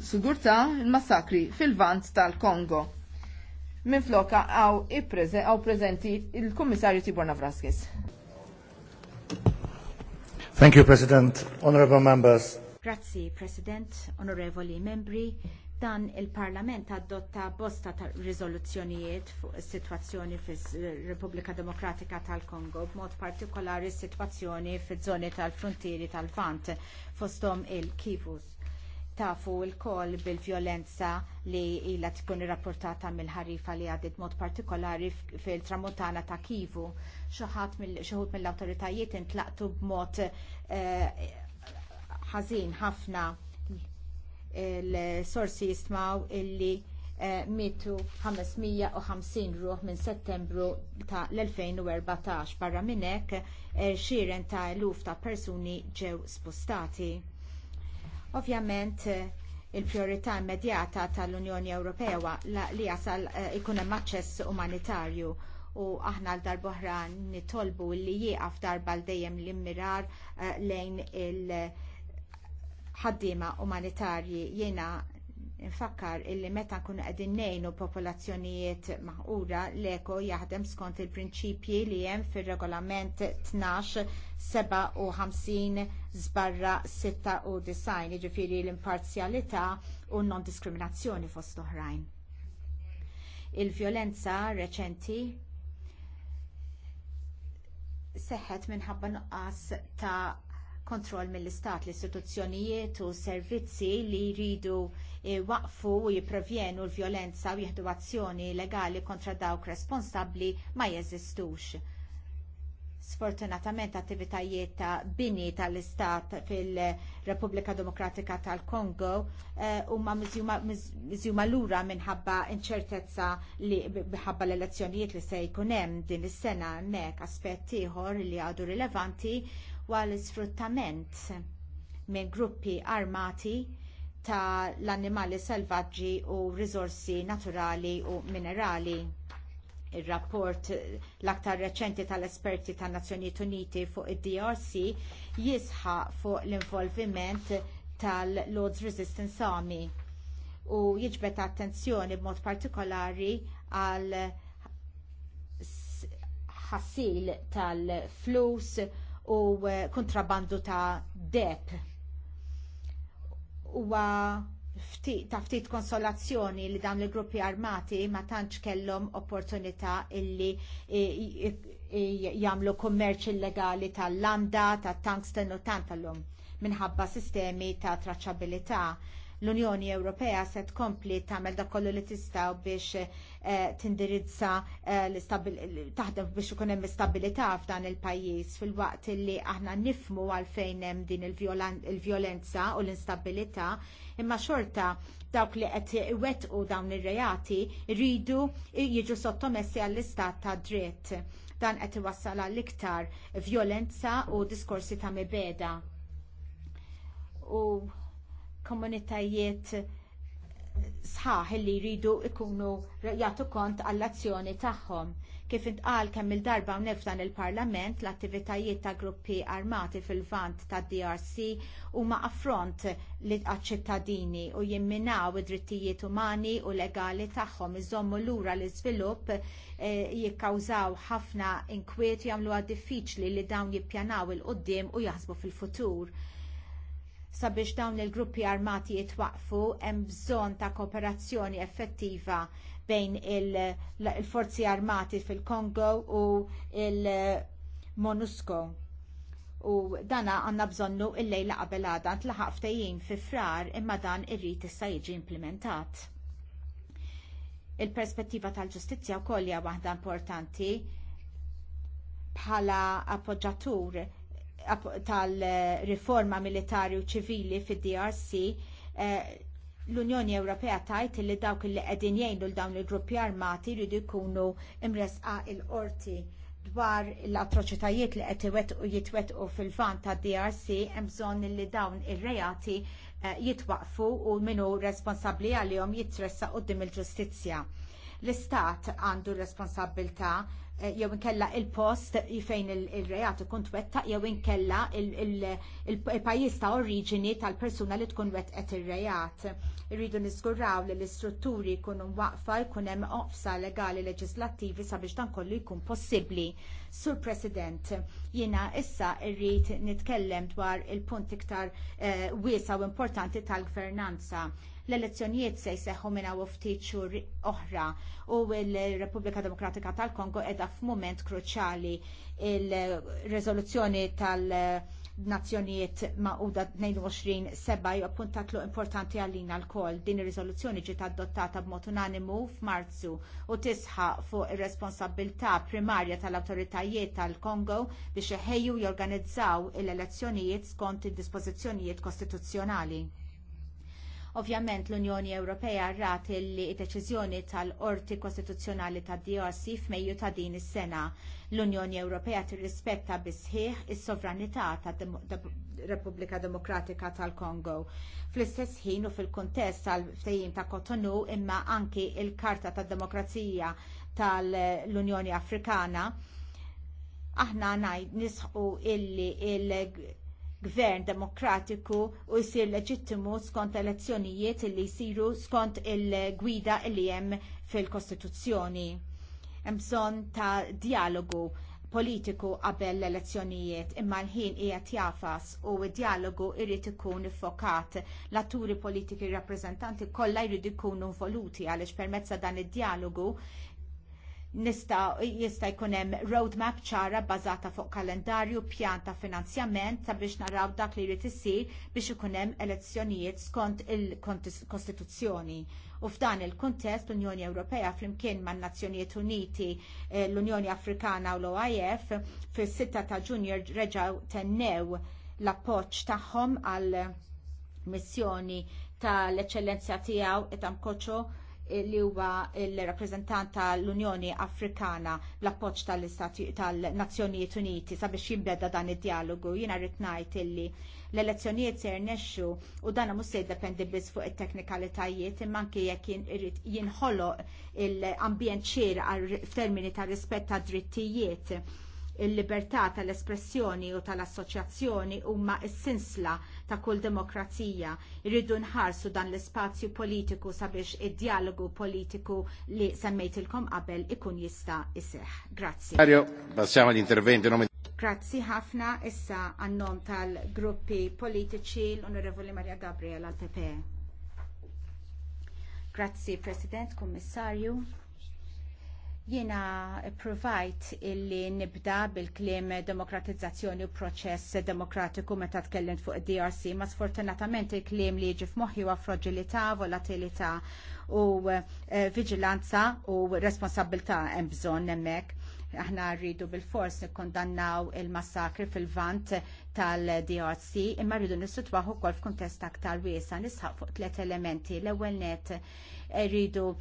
sigurta il-massakri fil-vant tal-Kongo. Min floka għaw għaw prezenti il-Kummissarju Tibor Navraskis. Thank you, President. Honorable members. Grazzi, President, onorevoli membri dan il-Parlament adotta bosta ta' rizoluzzjonijiet fuq is-sitwazzjoni fis-Repubblika Demokratika tal-Kongo b'mod partikolari s-sitwazzjoni fiż-żoni tal-frontieri tal-Vant fosthom il-Kivus tafu l bil-violenza li ilha tkun irrappurtata mill-ħarifa li għadit mod partikolari fil-tramuntana ta' Kivu. Xoħat mill-xoħut mill awtoritajiet intlaqtu b'mod eh, ħażin ħafna l-sorsi jismaw illi eh, mitu 550 ruħ minn settembru ta' l-2014 barra minnek eh, xiren ta' eluf ta' persuni ġew spostati. Ovvjament eh, il-priorità immedjata tal-Unjoni Ewropea li jasal eh, ikun hemm aċċess umanitarju u aħna l darboħra nitolbu li jieqaf darba l dejjem l-immirar eh, lejn il- ħaddiema umanitarji jiena Infakkar illi meta nkunu qegħdin ngħinu popolazzjonijiet maħqura l-eko jaħdem skont il-prinċipji li hemm fir-regolament 12-57 żbarra 96 jiġifieri l-imparzjalità u non-diskriminazzjoni fost oħrajn. Il-vjolenza reċenti seħħet minħabba nuqqas ta' kontroll mill-istat l-istituzzjonijiet u servizzi li jridu Eh, waqfu u jipprevjenu l-vjolenza u jieħdu azzjoni legali kontra dawk responsabbli ma jeżistux sfortunatament attivitajiet ta' bini tal-istat fil-Repubblika Demokratika tal-Kongo eh, huma miżjuma lura minħabba inċertezza li minħabba l-elezzjonijiet li se jkun hemm din is-sena hemmhekk aspett ieħor li għadu rilevanti għal isfruttament minn gruppi armati ta' l-annimali selvaġġi u risorsi naturali u minerali. ir rapport l-aktar reċenti tal-esperti tan Nazzjonijiet Uniti fuq id-DRC jisħa fuq l-involviment tal-Lords Resistance Army u jiġbed attenzjoni b'mod partikolari għal ħassil tal-flus u kontrabandu ta' deb huwa ta' ftit konsolazzjoni li dawn il-gruppi armati ma tantx kellhom opportunità illi jagħmlu kummerċ illegali tal-landa, tat tungsten u tant għalhom minħabba sistemi ta' traċċabilità L-Unjoni Ewropea se tkompli tagħmel dak kollu li tista' biex eh, tindirizza eh, taħdem biex ikun hemm stabilità f'dan il-pajjiż fil-waqt li aħna nifmu għalfejn hemm din il-vjolenza u l-instabilità imma xorta dawk li qed iwettqu dawn ir-reati rridu jiġu sottomessi għall-istat ta' dritt. Dan qed iwassal għall iktar vjolenza u diskorsi ta' mibeda. U komunitajiet sħaħ li jridu ikunu jagħtu kont għall-azzjoni tagħhom. Kif intqal kemm il-darba hawnhekk f'dan il-Parlament l-attivitajiet ta' gruppi armati fil-vant tad DRC huma affront li ċittadini u jimminaw id-drittijiet umani u legali tagħhom iżommu lura l-iżvilupp eh, jikkawżaw ħafna inkwiet jagħmluha diffiċli li dawn jippjanaw il-qudiem u jaħsbu fil-futur sabiex dawn il-gruppi armati jitwaqfu hemm bżonn ta' kooperazzjoni effettiva bejn il-forzi armati fil-Kongo u il-MONUSCO. U dana għanna bżonnu il-lejla qabel għada tlaħaq ftejjin fi frar imma dan irrid issa jiġi implementat. Il-perspettiva tal-ġustizzja wkoll hija waħda importanti bħala appoġġatur tal-riforma militari u ċivili fid-DRC eh, l-Unjoni Ewropea tajt li dawk li qegħdin jgħinu l dawn il-gruppi armati jridu jkunu imresqa il-qorti dwar l-atroċitajiet li qed u jitwettqu fil-van tad DRC hemm bżonn li dawn ir-reati eh, jitwaqfu u minu responsabbli għalihom jitressaq quddiem il-ġustizzja. L-Istat għandu r responsabbiltà Eh, jew inkella il-post fejn il-reat ikun twettaq jew inkella il-pajjiż ta' oriġini tal-persuna li tkun wettqet ir rejat Irridu niżguraw li l-istrutturi jkunu waqfa jkun hemm oqsa legali leġislattivi sabiex dan kollu jkun possibbli. Sur President, jiena issa irrid nitkellem dwar il-punt iktar eh, wiesa u importanti tal-gvernanza L-elezzjonijiet se jseħħu minn hawn ftit xhur oħra u l-Repubblika Demokratika tal-Kongo qiegħda f'mument kruċjali il-reżoluzzjoni tal- nazzjonijiet maquda 22 seba appuntat lu importanti għalina l-kol. Din ir-riżoluzzjoni ġiet adottata b'mod unanimu f'Marzu u tisħa fuq ir-responsabilità primarja tal-awtoritajiet tal-Kongo biex iħejju jorganizzaw l-elezzjonijiet skont id-dispożizzjonijiet kostituzzjonali. Ovvjament l-Unjoni Ewropea rrat li deċiżjoni tal-Qorti Kostituzzjonali tad DRC f'Mejju ta' din is-sena. L-Unjoni Ewropea tirrispetta bisħieħ is-sovranità tad Repubblika Demokratika tal-Kongo. Fl-istess ħin u fil-kuntest tal-ftehim ta' Cotonou imma anki l karta tad Demokrazija tal-Unjoni Afrikana aħna ngħid nisħu illi il gvern demokratiku u jsir leġittimu skont elezzjonijiet li jsiru skont il-gwida li hemm fil-Kostituzzjoni. Hemm bżonn ta' dialogu politiku qabel l-elezzjonijiet imma l-ħin qiegħed jafas u d-dialogu jrid ikun iffokat l-atturi politiki rappreżentanti kollha jridu jkunu involuti għaliex permezz dan id-dialogu nista' jista' jkun hemm roadmap ċara bbażata fuq kalendarju pjan ta' finanzjament sabiex naraw dak li jrid isir biex ikun hemm elezzjonijiet skont il-Kostituzzjoni. U f'dan il-kuntest l-Unjoni Ewropea flimkien man nazzjonijiet Uniti, eh, l-Unjoni Afrikana u l-OIF fis-6 ta' Ġunju reġgħu tennew l-appoġġ tagħhom għal missjoni tal eċċellenzja tiegħu etam koċo li huwa il-rappreżentant tal-Unjoni Afrikana l-appoġġ tal-Istati tal-Nazzjonijiet Uniti sabiex jibbeda dan id-dialogu. Jiena rrid ngħid illi l-elezzjonijiet se jirnexxu u dan mhux se jiddependi biss fuq it-teknikalitajiet imma anke jekk irid jinħoloq l-ambjent xieraq f'termini ta' rispett tad drittijiet il-libertà tal-espressjoni u tal-assoċjazzjoni huma s-sinsla ta' kull demokrazija. Irridu nħarsu dan l-ispazju politiku sabiex id-dialogu politiku li semmejtilkom qabel ikun jista' iseħ. Grazzi. Mario, passiamo Grazzi ħafna issa għannom tal-gruppi politiċi l-Onorevoli Maria Gabriela PP. E. Grazzi President, Kommissarju. Jena provajt illi nibda bil-klim demokratizzazzjoni u proċess demokratiku meta tkellim fuq id-DRC, ma sfortunatament il-klim li jiġi f'moħħi huwa fragilità, volatilità u eh, viġilanza u responsabilità hemm bżonn hemmhekk. Aħna rridu bil-fors nikkondannaw il-massakri fil-vant tal-DRC imma rridu nissutwaħu kol f'kuntest aktar wiesa nisħaq fuq tliet elementi. L-ewwel net eh, rridu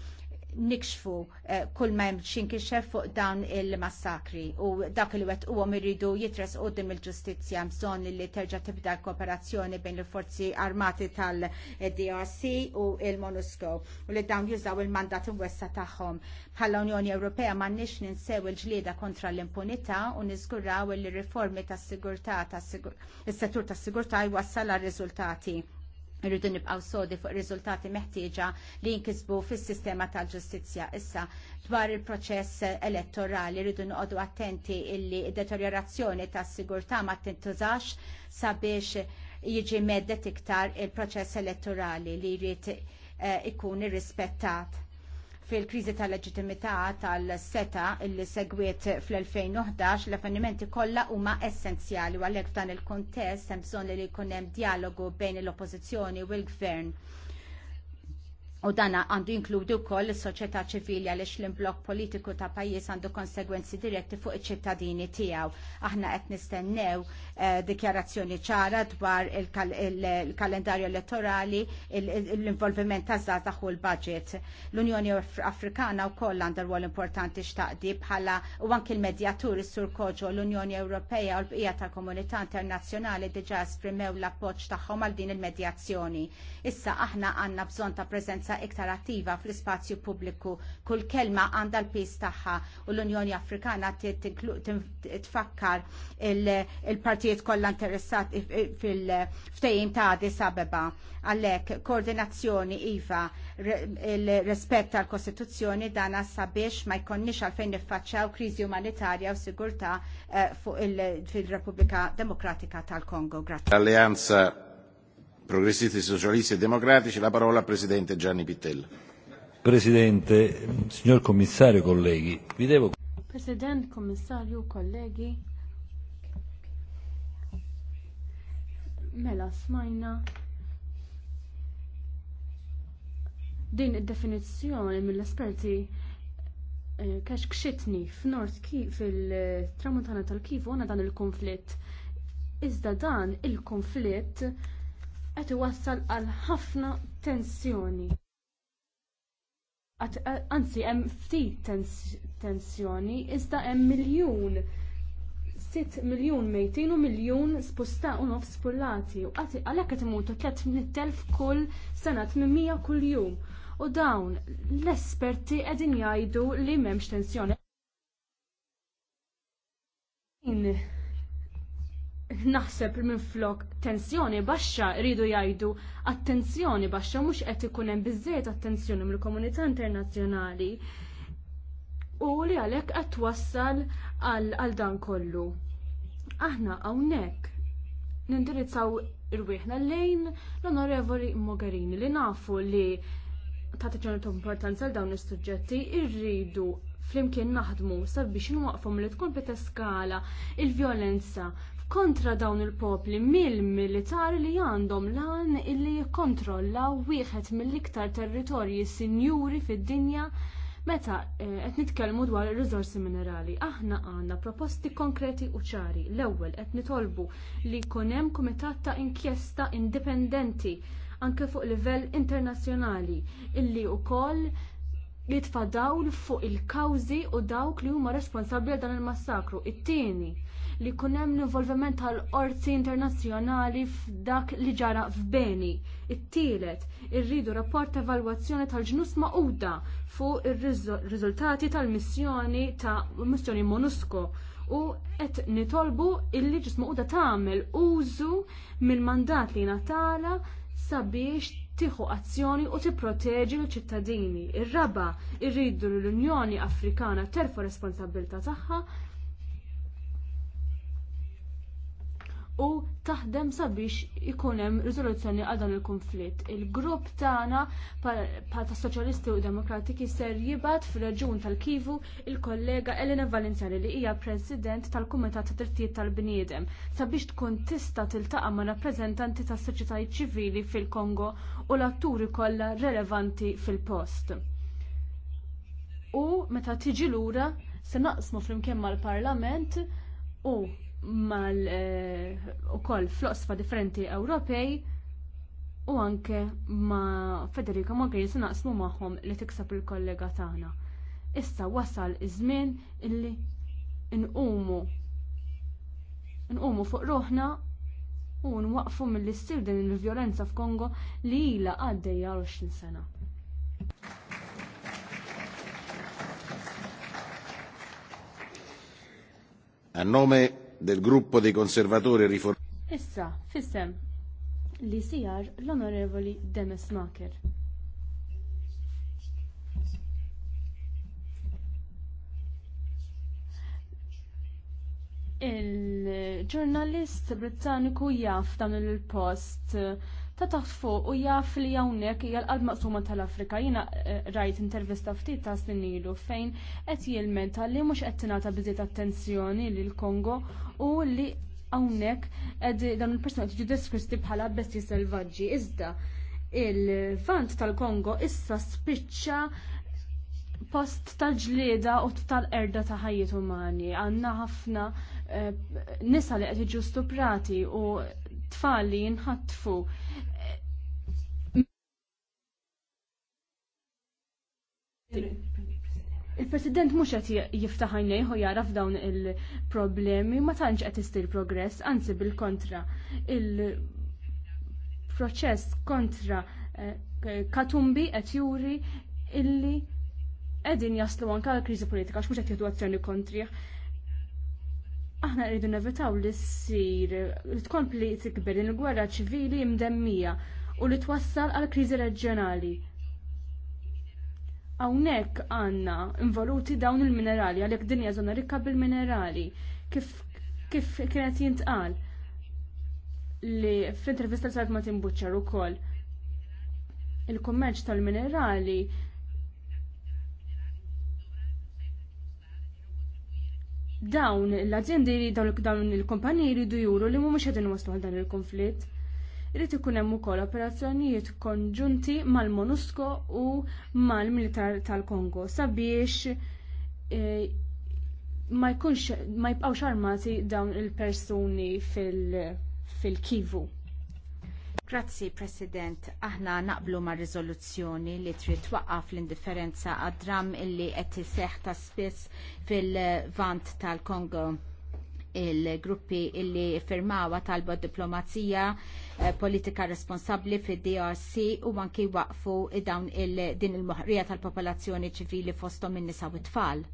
nikxfu eh, kull ma jimxin kixef fuq dawn il-massakri u dak li wet u irridu jitres u dim il-ġustizja mżon li terġa tibda kooperazzjoni bejn il-forzi armati tal-DRC u il-MONUSCO u li dawn jużaw il-mandat imwessa tagħhom. Bħalla Unjoni Ewropea ma nix ninsew il-ġlieda kontra l-impunità u niżguraw il-riformi tas-sigurtà tas-settur tas-sigurtà jwassal għal riżultati Irridu nibqaw sodi fuq riżultati meħtieġa li jinkisbu fis-sistema tal-ġustizzja issa dwar il-proċess elettorali rridu noqogħdu attenti illi deteriorazzjoni tas-sigurtà ma tintużax sabiex jiġi meddet iktar il-proċess elettorali li jrid eh, ikun irrispettat fil-kriżi tal-leġitimità tal-seta illi segwiet fl-2011 l-avvenimenti kollha huma essenzjali u għalhekk f'dan il-kontest hemm bżonn li jkun hemm dialogu bejn l-oppożizzjoni u l-gvern U dana għandu jinkludi wkoll is-soċjetà ċivili għaliex l-imblok politiku ta' pajjiż għandu konsegwenzi diretti fuq iċ-ċittadini tiegħu. Aħna qed nistennew eh, dikjarazzjoni ċara dwar il-kalendarju elettorali, l-involviment ta' zazax u l-budget. L-Unjoni Afrikana wkoll għandha rwol importanti x'taqdi bħala u għank l-medjatur s sur Koġo l-Unjoni Ewropea u l-bqija tal-Komunità Internazzjonali diġa' esprimew l-appoġġ tagħhom għal din il-medjazzjoni. Issa aħna għandna bżonn ta' prezenza presenza iktar attiva fl-ispazju pubbliku. Kull kelma għandha l-pis tagħha u l-Unjoni Afrikana tfakkar il-partijiet kollha interessati fil-ftejjim ta' Addis Abeba. Għalhekk koordinazzjoni iva il-rispett tal-Kostituzzjoni dana sabiex ma jkonniex għalfejn niffaċċjaw kriżi umanitarja u sigurtà eh, fil-Repubblika Demokratika tal-Kongo. Grazie. Progressisti Socialisti e Democratici, la parola al Presidente Gianni Pittella. Presidente, signor Commissario, colleghi, vi devo... President, Commissario, colleghi, mela smajna din id-definizzjoni mill-esperti eh, kax kxitni f'Nord fil-tramuntana tal-Kivu għana dan il-konflitt. Iżda dan il-konflitt qed iwassal għal ħafna tensjoni. Eh, anzi, hemm ftit tensjoni, iżda hemm miljun 6 miljun mejtin u miljun spusta u nof spullati għalek għet imutu 3.000 kull sena 800 kull jum u dawn l-esperti għedin jajdu li memx tensjoni naħseb minn flok tensjoni baxxa rridu jgħidu attenzjoni baxxa mhux qed ikun hemm biżejjed attenzjoni mill-komunità internazzjonali u li għalhekk qed twassal għal dan kollu. Aħna hawnhekk nindirizzaw irwieħna lejn l-Onorevoli Mogherini li nafu li ta' tiġonet importanza għal dawn is-suġġetti irridu flimkien naħdmu sabiex nwaqfhom li tkun skala il-vjolenza kontra dawn il-popli mill-militari li għandhom lan illi jikkontrollaw wieħed mill-iktar territorji sinjuri fid-dinja Meta eh, qed nitkellmu dwar ir-riżorsi minerali, aħna għandna proposti konkreti u ċari. L-ewwel qed nitolbu li jkun hemm kumitat ta' inkjesta indipendenti anke fuq livell internazzjonali illi wkoll jitfadaw fuq il-kawżi u dawk li huma responsabbli għal dan il-massakru. It-tieni li jkun hemm l-involviment tal-qorti internazzjonali f'dak li ġara f'Beni. It-tielet, irridu rapport ta' evalwazzjoni tal-ġnus maquda fuq ir-riżultati tal-missjoni ta' missjoni MONUSCO u qed nitolbu l-liġis maquda tagħmel użu mill-mandat li natala sabiex tieħu azzjoni u tipproteġi l-ċittadini. Ir-raba irridu l-Unjoni Afrikana terfu responsabilità tagħha u taħdem sabiex ikun hemm riżoluzzjoni għal dan il-konflitt. Il-grupp tagħna bħal ta' Soċjalisti u Demokratiki ser jibgħat fir-reġjun tal-Kivu il-kollega Elena Valenzjani li hija President tal-Kumitat ta' Drittijiet tal-Bniedem sabiex tkun tista' tiltaqa' ma' rappreżentanti tas-soċjetajiet ċivili fil-Kongo u l-atturi kollha relevanti fil-post. U meta tiġi lura se naqsmu flimkien mal-Parlament u mal eh, ukoll floqsfa differenti Ewropej u anke ma Federica Mogherini se naqsmu magħhom li tiksab il-kollega tagħna. Issa wasal iż-żmien illi nqumu nqumu fuq ruħna u nwaqfu mill issir din il-vjolenza f'Kongo li ilha għaddejja 20 sena. A nome del gruppo dei conservatori riformati. Issa, fissem, li sijar l-onorevoli Demes Maker. il-ġurnalist Britanniku jaf dan il-post ta' taħt fuq u jaf li hawnhekk hija l-qalb maqsuma tal-Afrika. Jiena eh, rajt intervista ftit ta' snin ilu fejn qed jilmenta li mhux qed tingħata biżiet attenzjoni lil Kongo u li hawnhekk qed dan il-persuna tiġi deskritti bħala bestji selvaġġi. Iżda il-vant tal-Kongo issa spiċċa post tal-ġlieda u tal-erda ta' ħajjiet umani. Għandna ħafna eh, nisa li qed jiġu stuprati u tfal li jinħatfu Il-President mhux qed jiftaħ għajnejh u f'dawn il-problemi ma tantx qed istil progress, anzi bil-kontra. Il-proċess kontra eh, Katumbi qed juri illi qegħdin jaslu anke għal kriżi politika mux qed jieħdu azzjoni kontrih aħna rridu nevitaw li ssir li tkompli tikber din il-gwerra ċivili mdemmija u li twassal għal kriżi reġjonali. Hawnhekk għandna involuti dawn il-minerali għalhekk dinja żona rikka bil-minerali kif kif kienet jintqal li fl-intervista li saret ma' Tim ukoll il-kummerċ tal-minerali dawn l-aziende, dawn il-kumpaniji jridu juru li mhumiex qed waslu għal dan il-konflitt. jrid ikun hemm ukoll operazzjonijiet konġunti mal-MONUSCO u mal-Militar tal-Kongo sabiex eh, ma jkunx ma jibqgħux armati dawn il-persuni fil-kivu. Fil Grazzi, President. Aħna naqblu ma' rizoluzzjoni li trid twaqqaf l-indifferenza għad-dram illi qed iseħħ ta' spiss fil-vant tal-Kongo il-gruppi illi firmawa talba diplomazija eh, politika responsabbli fid drc u anki waqfu dawn il-din il-moħrija tal-popolazzjoni ċivili fosthom in-nisa u t-tfal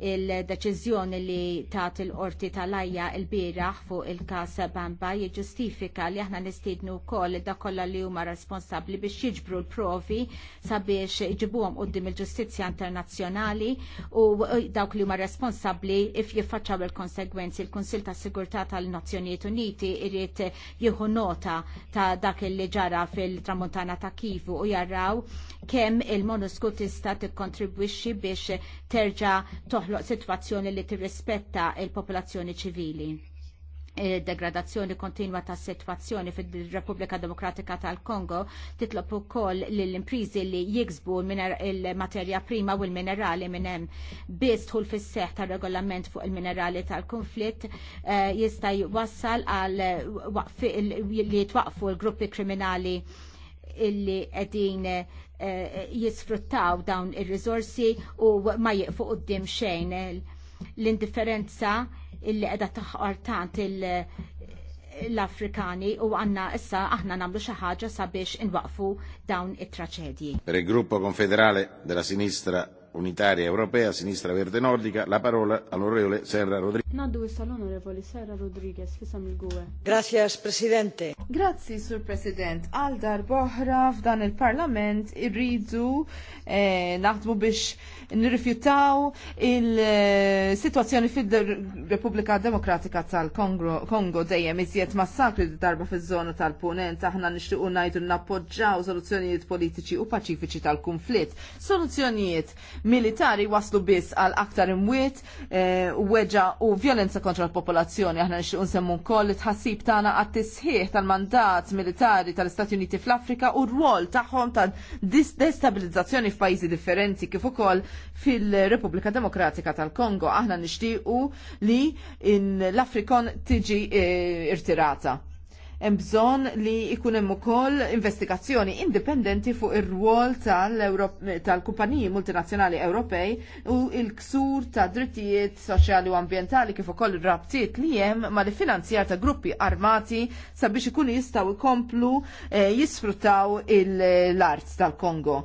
il-deċiżjoni li tat il-qorti tal-ajja il-biraħ fuq il-kas Bamba jiġustifika li aħna nistidnu wkoll da kollha li huma responsabbli biex jiġbru l-provi sabiex jġibuhom qudiem il-ġustizzja internazzjonali u dawk li huma responsabbli if jiffaċċaw il-konsegwenzi il-Kunsil ta' Sigurtà tal-Nazzjonijiet Uniti irrid jieħu nota ta' dak li ġara fil-tramuntana ta' Kivu u jarraw kemm il-Monusku tista' tikkontribwixxi biex terġa' toħloq toħloq situazzjoni li tirrispetta il-popolazzjoni ċivili e, degradazzjoni kontinwa ta' situazzjoni fil-Repubblika Demokratika tal-Kongo titlob ukoll lill-imprizi li jiksbu il-materja prima u l-minerali minn hemm biss tħul fis-seħħ tar-regolament fuq il-minerali tal-konflitt e, jista' jwassal għal li jitwaqfu l-gruppi kriminali illi qegħdin eh, jisfruttaw dawn ir rizorsi u ma jieqfu qudiem xejn l-indifferenza illi qiegħda taħqar tant l-Afrikani u għanna issa aħna namlu xi ħaġa sabiex inwaqfu dawn it-traċedji. Per il gruppo konfederale della sinistra unitaria europea sinistra verde nordica la parola all'onorevole Serra Rodriguez. dove sta l'onorevole Serra Rodriguez fisam il-GUE. Grazie Presidente. Grazzi Sur President. Għal dar boħra f'dan il-Parlament irridu eh, naħdmu biex nirrifjutaw il-situazzjoni fil-Repubblika Demokratika tal-Kongo dejjem iżjed massakri darba fiż-żona tal-Punent aħna nixtiequ ngħidu nappoġġaw soluzzjonijiet politiċi u paċifiċi tal-kunflitt. Soluzzjonijiet militari waslu biss għal aktar imwiet, u eh, weġa u violenza kontra l-popolazzjoni. Aħna nixtiequ nsemmu wkoll tħassib tagħna għat-tisħiħ tal-mandat militari tal-Istati Uniti fl-Afrika u r-rwol tagħhom ta' destabilizzazzjoni f'pajjiżi differenti kif ukoll fil-Repubblika Demokratika tal-Kongo. Aħna nixtiequ li l-Afrikon tiġi eh, irtirata hemm bżonn li jkun hemm ukoll investigazzjoni indipendenti fuq ir-rwol tal-kumpaniji multinazzjonali Ewropej u l-ksur ta' drittijiet soċjali u ambjentali kif ukoll ir rabtiet li hemm ma li finanzjar ta' gruppi armati sabiex ikunu jistgħu jkomplu eh, jisfruttaw l-arts tal-Kongo.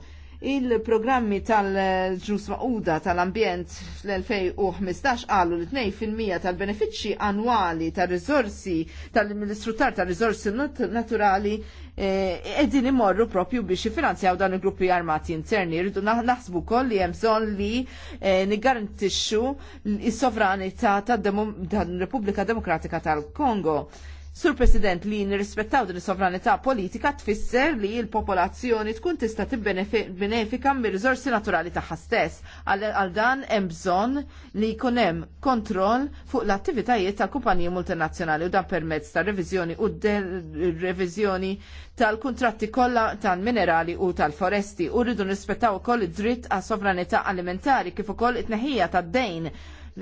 Il-programmi tal-ġus maquda tal-ambjent fl-2015 għallu li 2% tal-benefiċċji annwali tal-rizorsi tal-ministrutar tal-rizorsi naturali eh, edin imorru propju biex jifinanzjaw dan il-gruppi armati interni. Rridu naħsbu koll li jemżon li eh, nigarantixxu s-sovranità tad-Repubblika Demokratika tal-Kongo. Sur President, li nirrispettaw din is-sovranità politika tfisser li l-popolazzjoni tkun tista' tibbenefika mir-riżorsi naturali tagħha stess. Għal dan hemm bżonn li jkun hemm kontroll fuq l-attivitajiet ta' kumpaniji multinazzjonali u dan permezz ta' reviżjoni u reviżjoni tal-kuntratti kollha tal-minerali u tal-foresti u rridu nirrispettaw ukoll id-dritt għas sovranità alimentari kif ukoll it-tneħħija tad-dejn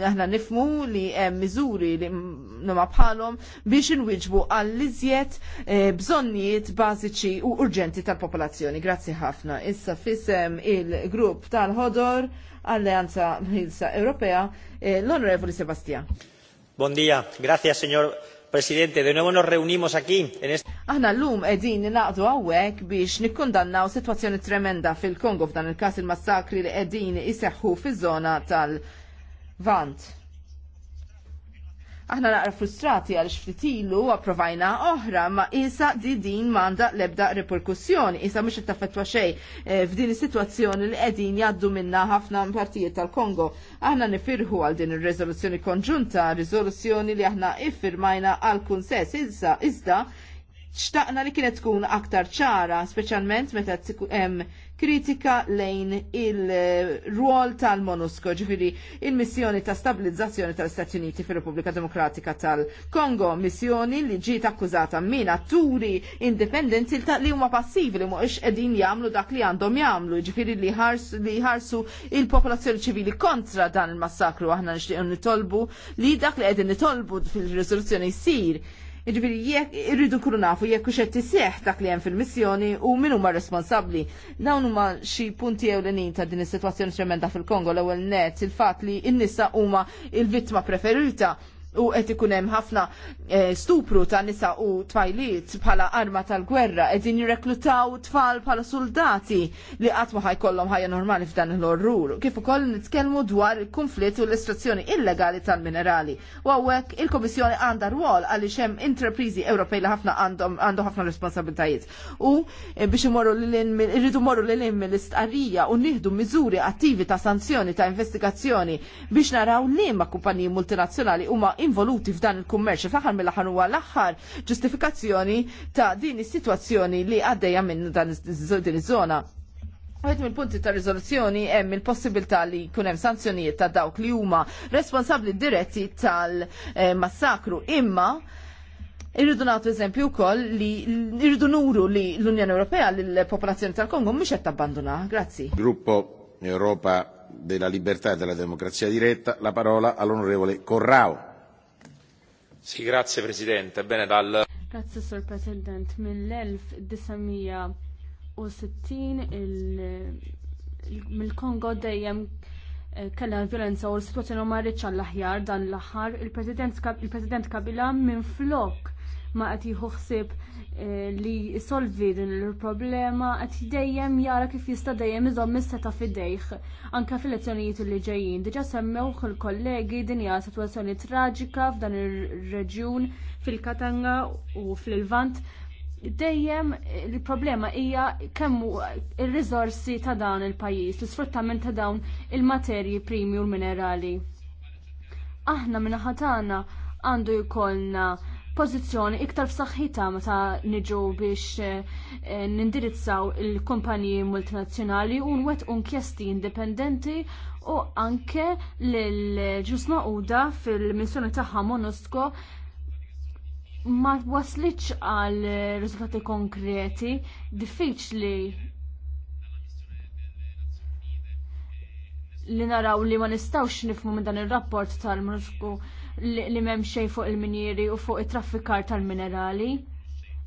aħna nifmu li hemm miżuri li numa bħalhom biex inwiġbu għall-iżjed eh, bżonnijiet bażiċi u urġenti tal-popolazzjoni. Grazzi ħafna. Issa fisem il-grupp tal-ħodor Alleanza Hilsa Ewropea eh, l-Onorevoli Sebastia. Buon dia, grazie signor Presidente, de nuevo nos reunimos aquí. En este... Aħna l-lum edin naqdu għawek biex nikkondannaw situazzjoni tremenda fil-Kongo f'dan il-kas il-massakri li edin iseħħu fiż-żona tal- vant. Aħna naqra frustrati għal xfitilu approvajna oħra ma isa di din manda lebda reperkussjoni. Isa mux taffetwa xej eh, f'din is-sitwazzjoni li qegħdin jaddu minna ħafna partijiet tal-Kongo. Aħna nifirħu għal din ir-reżoluzzjoni konġunta, riżoluzzjoni li aħna iffirmajna għal kunsess Isa, izda, xtaqna li kienet tkun aktar ċara, speċjalment meta hemm kritika lejn il-rwol tal-MONUSCO, ġifiri il-missjoni ta' stabilizzazzjoni tal-Stati Uniti fil-Repubblika Demokratika tal-Kongo, missjoni li ġiet akkużata minn atturi indipendenti li huma passivi li mhuwiex qegħdin jagħmlu dak li għandhom jagħmlu, ġifiri li ħarsu il-popolazzjoni ċivili kontra dan il-massakru aħna nixtieq nitolbu li dak li qegħdin nitolbu fil-riżoluzzjoni jsir Iġbiri, jek irridu kunu nafu jekk kuxet tisieħ dak li hemm fil-missjoni u min huma responsabbli. Dawn huma xi punti ewlenin ta' din is-sitwazzjoni tremenda fil-Kongo l-ewwel net il-fatt li n-nisa huma il-vittma preferita u qed ikun hemm ħafna eh, stupru ta' nisa u twajliet bħala arma tal-gwerra qegħdin jirreklutaw tfal bħala soldati li qatt ma ħajkollhom ħajja normali f'dan l-orrur. Kif ukoll nitkellmu dwar il-konflitt u l-estrazzjoni illegali tal-minerali. U hawnhekk il-Komissjoni għandha rwol għaliex hemm intrapriżi Ewropej li ħafna għandu ħafna responsabiltajiet. U eh, biex imorru irridu morru lil hemm mill-istqarrija u nieħdu miżuri attivi ta' sanzjoni ta' investigazzjoni biex naraw liema kumpaniji multinazzjonali huma involuti f'dan il-kummerċ fl-aħħar mill-aħħar huwa l-aħħar ġustifikazzjoni ta' din is-sitwazzjoni li għaddejja minn dan din iż-żona. Għed mill punti ta' rizoluzzjoni hemm il-possibilità li jkun hemm sanzjonijiet ta' dawk li huma responsabbli diretti tal-massakru imma Irridu nagħtu eżempju wkoll li irridu nuru li l-Unjoni Ewropea l-popolazzjoni tal-Kongo mhux qed tabbanduna. Grazzi. Gruppo Europa della Libertà e della Democrazia Diretta, la parola all'onorevole Corrao. Sì, grazie Presidente. Bene, dal... Grazie, Sor President. Mill-1960 il kongo dejjem eh, kellha violenza u l-situazzjoni ma rridx għall aħjar dan l-aħħar il-President Kabila minn flok ma qed jieħu eh, li jsolvi din il-problema qed dejjem jara kif jista' dejjem iżomm is-seta' fidejh anke fil lezzjonijiet li ġejjin. Diġà semmewh il-kollegi din hija sitwazzjoni traġika f'dan ir-reġjun fil-Katanga u fil-Lvant dejjem il-problema hija kemm ir-riżorsi ta' dawn il-pajjiż, l-isfruttament ta' dawn il-materji primi u l-minerali. Aħna naħa ħatana għandu jkollna pożizzjoni iktar f'saħħitha meta niġu biex eh, nindirizzaw il-kumpaniji multinazzjonali u nwettqu inkjesti indipendenti u anke l-ġus maquda fil-missjoni tagħha Monusco ma waslitx għal riżultati konkreti diffiċli li naraw li ma nistawx nifmu minn dan il-rapport tal-Mosku li m'hemm xejn fuq il-minieri u fuq it-traffikar tal-minerali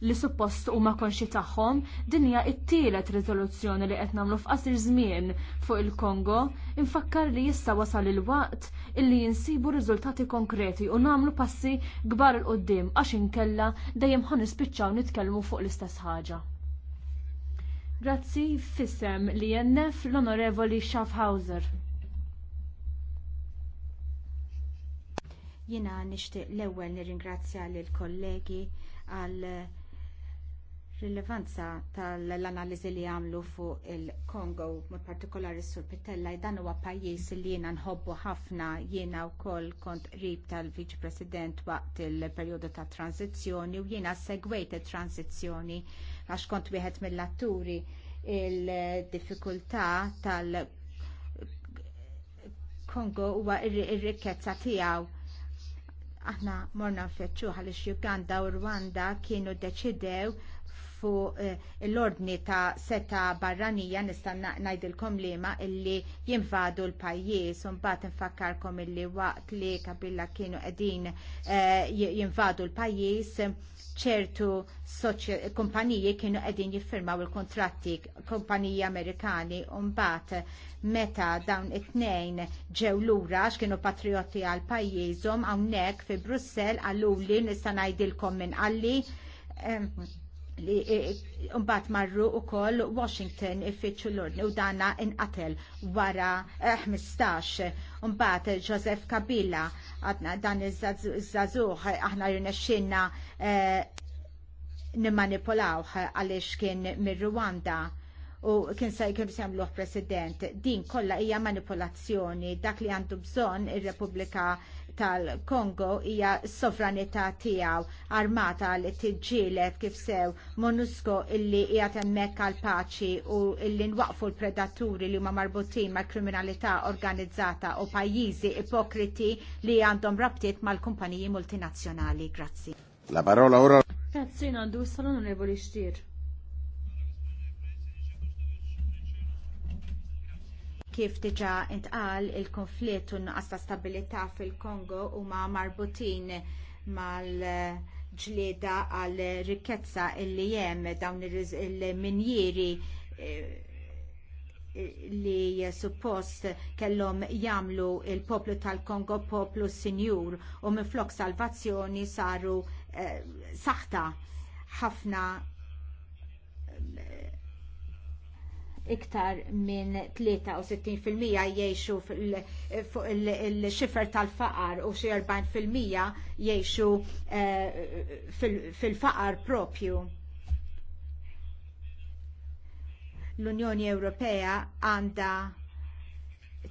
li suppost huma konxi tagħhom, din hija tielet rezoluzzjoni li qed nagħmlu f'qasir żmien fuq il-Kongo, infakkar li issa wasal il-waqt illi jinsibu riżultati konkreti u nagħmlu passi kbar il qoddim għax inkella dejjem ħan nispiċċaw nitkellmu fuq l-istess ħaġa. Grazzi fissem li jennef l-Onorevoli Schaffhauser. Jiena nixtieq l-ewwel nirringrazzja lill kollegi għal rilevanza tal-analiżi li għamlu fuq il-Kongo, mod partikolari sur Pitella, dan huwa pajjiż li jiena nħobbu ħafna jiena wkoll kont qrib tal viċi President waqt il-perjodu ta' tranzizzjoni u jiena segwejt it-tranzizzjoni għax kont wieħed mill-atturi il-diffikultà tal-Kongo huwa ir-rikkezza tiegħu Aħna morna nfetxu għaliex Uganda u Rwanda kienu deċidew fu eh, l-ordni ta' seta barranija nista' ngħidilkom liema illi jinvadu l-pajjiż un bat infakkarkom illi waqt li kabilla kienu qegħdin eh, jinvadu l-pajjiż ċertu kumpaniji kienu qegħdin jiffirmaw il-kontratti kumpaniji Amerikani un mbagħad meta dawn it-tnejn ġew lura x'kienu patrioti għal pajjiżhom hawnhekk fi Brussell li nista' ngħidilkom minn qalli ehm, li eh, mbagħad marru wkoll Washington ifittxu l-ordni u danna inqatel wara 15. Eh, mbagħad Joseph Kabila għadna dan iż-żagħżugħ aħna rnexxinna eh, nimmanipulawh għaliex kien mir-Rwanda u kien sa jkun jagħmluh president. Din kollha hija manipolazzjoni dak li għandu bżonn ir-Repubblika tal-Kongo hija sovranità tiegħu armata li tiġġielet kif sew Monusko illi hija hemmhekk għal paċi u illi nwaqfu l-predaturi li huma marbutin mal kriminalità organizzata u pajjiżi ipokriti li għandhom rabtiet mal-kumpaniji multinazzjonali. Grazzi. La parola ora. Grazzi, nandu, s onorevoli xtir. Kif diġà intqal il-konflitt u nuqqas ta' stabilità fil-Kongo huma marbutin mal- ġlieda għal rikkezza illi hemm dawn il-minjieri eh, li suppost kellhom jagħmlu l poplu tal-Kongo poplu sinjur u minflok salvazzjoni saru eh, saħta ħafna iktar minn 63% jgħixu fuq il-xifer tal-faqar u xi 40% jgħixu eh, fil-faqar propju. L-Unjoni Ewropea għandha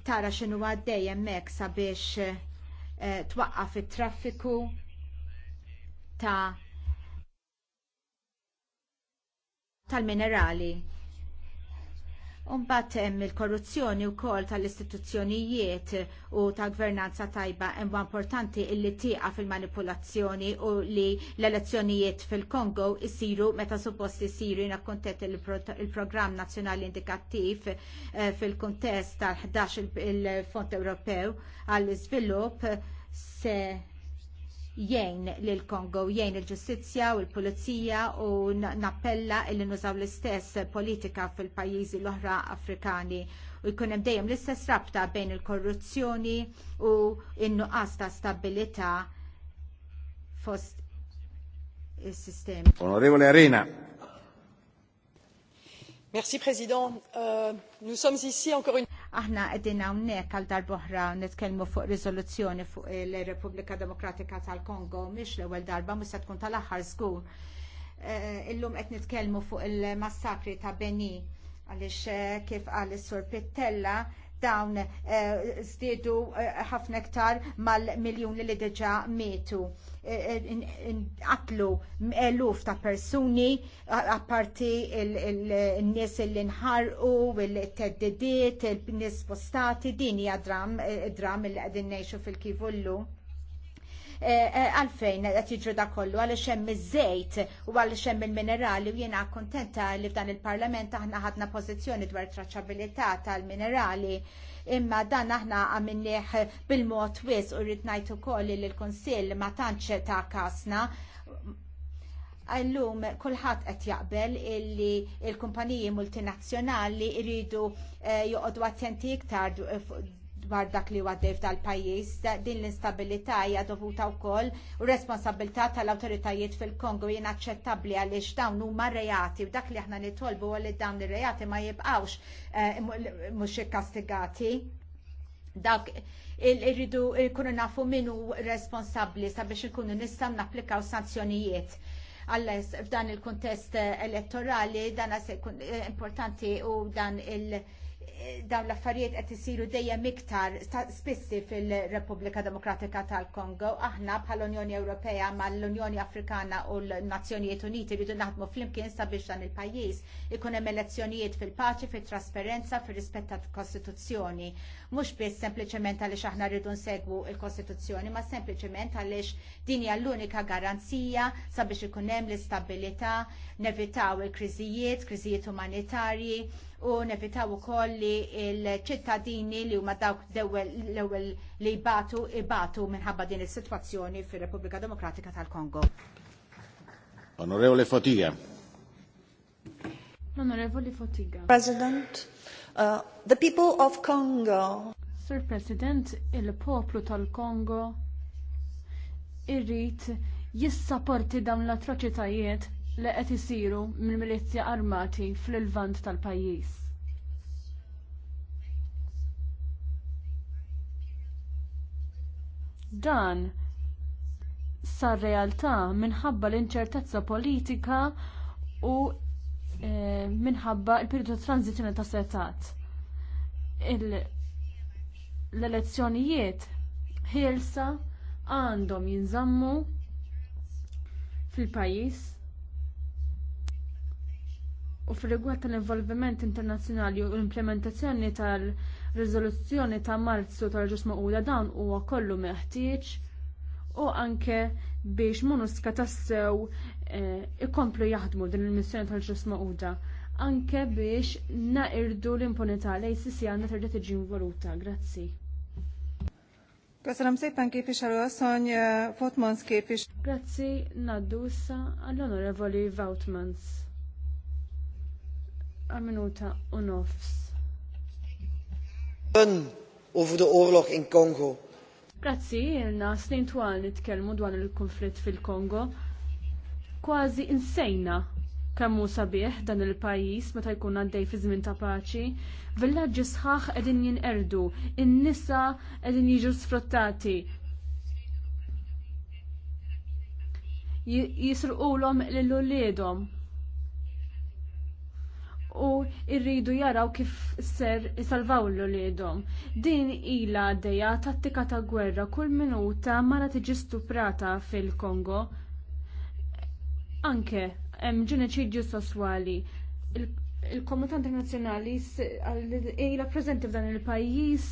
tara xinu għaddej hemmhekk sabiex eh, twaqqaf it-traffiku ta' tal-minerali Umbat hemm il-korruzzjoni wkoll tal-istituzzjonijiet u ta' gvernanza tajba hemm importanti illi tieqa fil-manipulazzjoni u li l-elezzjonijiet fil-Kongo jsiru meta suppost isiru jina kuntett il-programm nazzjonali indikattiv eh, fil-kuntest tal-11 il-Fond Ewropew għall-iżvilupp se jgħin lill-Kongo, jgħin il-ġustizzja u l-pulizija u nappella illi nużaw l-istess politika fil-pajjiżi l-oħra Afrikani u jkun hemm dejjem l-istess rabta bejn il-korruzzjoni u n-nuqqas ta' stabilità fost is-sistemi. Onorevole Arena. Merci Président. Euh, nous sommes ici encore une Aħna qegħdin hawnhekk għal darboħra nitkellmu fuq Rizoluzzjoni fuq il-Repubblika Demokratika tal-Kongo miex l-ewwel darba musa se tkun tal-aħħar żgur. Eh, illum qed nitkellmu fuq il-massakri ta' Beni għaliex eh, kif qal is-Sur Pittella dawn stiedu eh, eh, ħafna iktar mal-miljun li deġa mietu. Eh, qatlu eluf ta' persuni, apparti il-nies il nħarqu, il-teddidiet, il-nies spostati, din hija dram, il-qegħdin ngħixu fil-kivullu Eh, eh, għalfejn qed jiġru da kollu għaliex hemm iż-żejt u għaliex hemm il-minerali u jiena kontenta li f'dan il-Parlament aħna ħadna pożizzjoni dwar traċċabilità tal-minerali imma dan aħna għamilnieħ bil-mod wis u rrid ngħid ukoll li l-Kunsill ma tantx ta' kasna Allum kulħadd qed jaqbel illi l-kumpaniji multinazzjonali jridu eh, joqogħdu attenti iktar dwar dak li għaddej f'dal-pajjiż din l-instabilità hija dovuta wkoll u responsabilità tal-awtoritajiet fil-Kongo jien għaliex dawn huma reati u dak li aħna nitolbu li dawn ir-reati ma jibqgħux eh, mhux ikkastigati. Dak irridu jkunu nafu min hu responsabbli sabiex ikunu nistgħu napplikaw sanzjonijiet għalles f'dan il-kontest elettorali dan se eh, importanti u dan il- dawn l-affarijiet qed isiru dejjem iktar spissi fil-Repubblika Demokratika tal-Kongo. Aħna bħall-Unjoni Ewropea mal-Unjoni Afrikana u l-Nazzjonijiet Uniti rridu naħdmu flimkien sabiex dan il-pajjiż ikun hemm elezzjonijiet fil-paċi, fit-trasparenza, fir-rispett tal-Kostituzzjoni. Mhux biss sempliċement għaliex aħna rridu nsegwu l kostituzzjoni ma sempliċement għaliex din hija l-unika garanzija sabiex ikun hemm l-istabilità, nevitaw il-kriżijiet, kriżijiet umanitarji, u nevitaw ukoll li l-ċittadini li huma dawk l-ewwel li jbatu ibatu minħabba din is-sitwazzjoni fir-Repubblika Demokratika tal-Kongo. Onorevole Fotiga. Onorevole Fotiga. President, uh, the people of Congo. Sir President, il-poplu tal-Kongo irrit jissaporti dawn l-atroċitajiet li qed isiru minn milizzja armati fl-ilvant tal-pajjiż. Dan sar realtà minħabba l-inċertezza politika u e, minħabba l-periodu ta' tranzizjoni ta' setat. L-elezzjonijiet ħielsa għandhom jinżammu fil-pajjiż U fil-rigward tal-involviment internazzjonali u l-implementazzjoni tal-riżoluzzjoni ta' Marzu tal-ġusma Magħquda dan huwa kollu meħtieġ u anke biex monuska tassew eh, ikomplu jaħdmu din il-missjoni tal-ġusma Magħquda anke biex naqirdu l-impunità li jisisi għandha terġa tiġi involuta. Grazzi. Köszönöm szépen képviselő asszony, eh, Votmans képviselő. Grazie, Naddusa, onorevoli Vautmans. Għal-minuta u nofs. Over de in Kongo. Grazzi, jirna snin twal nitkellmu dwar il-konflitt fil-Kongo. Kważi insejna kemm hu sabiħ dan il-pajjiż meta jkun għaddej fi żmien ta' paċi, villaġġi sħaħ qegħdin jinqerdu, in-nisa qegħdin jiġu sfruttati. Jisruqulhom lil uliedhom u irridu jaraw kif ser isalvaw l liedhom. Din ila għaddejja tattika ta' gwerra kull minuta mara tiġi stuprata fil-Kongo. Anke hemm ġeneċidju sesswali. Il-Komitat Internazzjonali ila preżenti f'dan il-pajjiż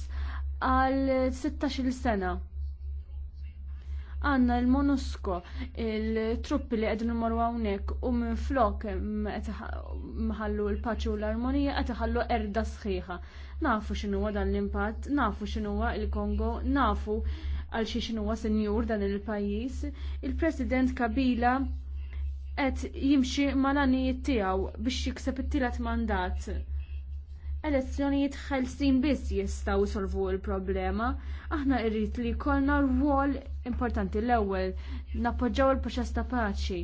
għal 16-il sena għandna l-Monusco, il-truppi li qegħdin imorru hawnhekk u minn flok mħallu l paċu u l-armonija qed iħallu erda sħiħa. Nafu x'inhuwa dan l-impatt, nafu x'inhuwa il-Kongo, nafu għal xi x'inhuwa senjur dan il-pajjiż. Il-President Kabila qed jimxi mal-għanijiet tiegħu biex jikseb it-tielet mandat elezzjonijiet ħelsin biss jistgħu jsolvu l-problema. Aħna rrid li jkollna rwol importanti l-ewwel nappoġġaw il-proċess ta' paċi.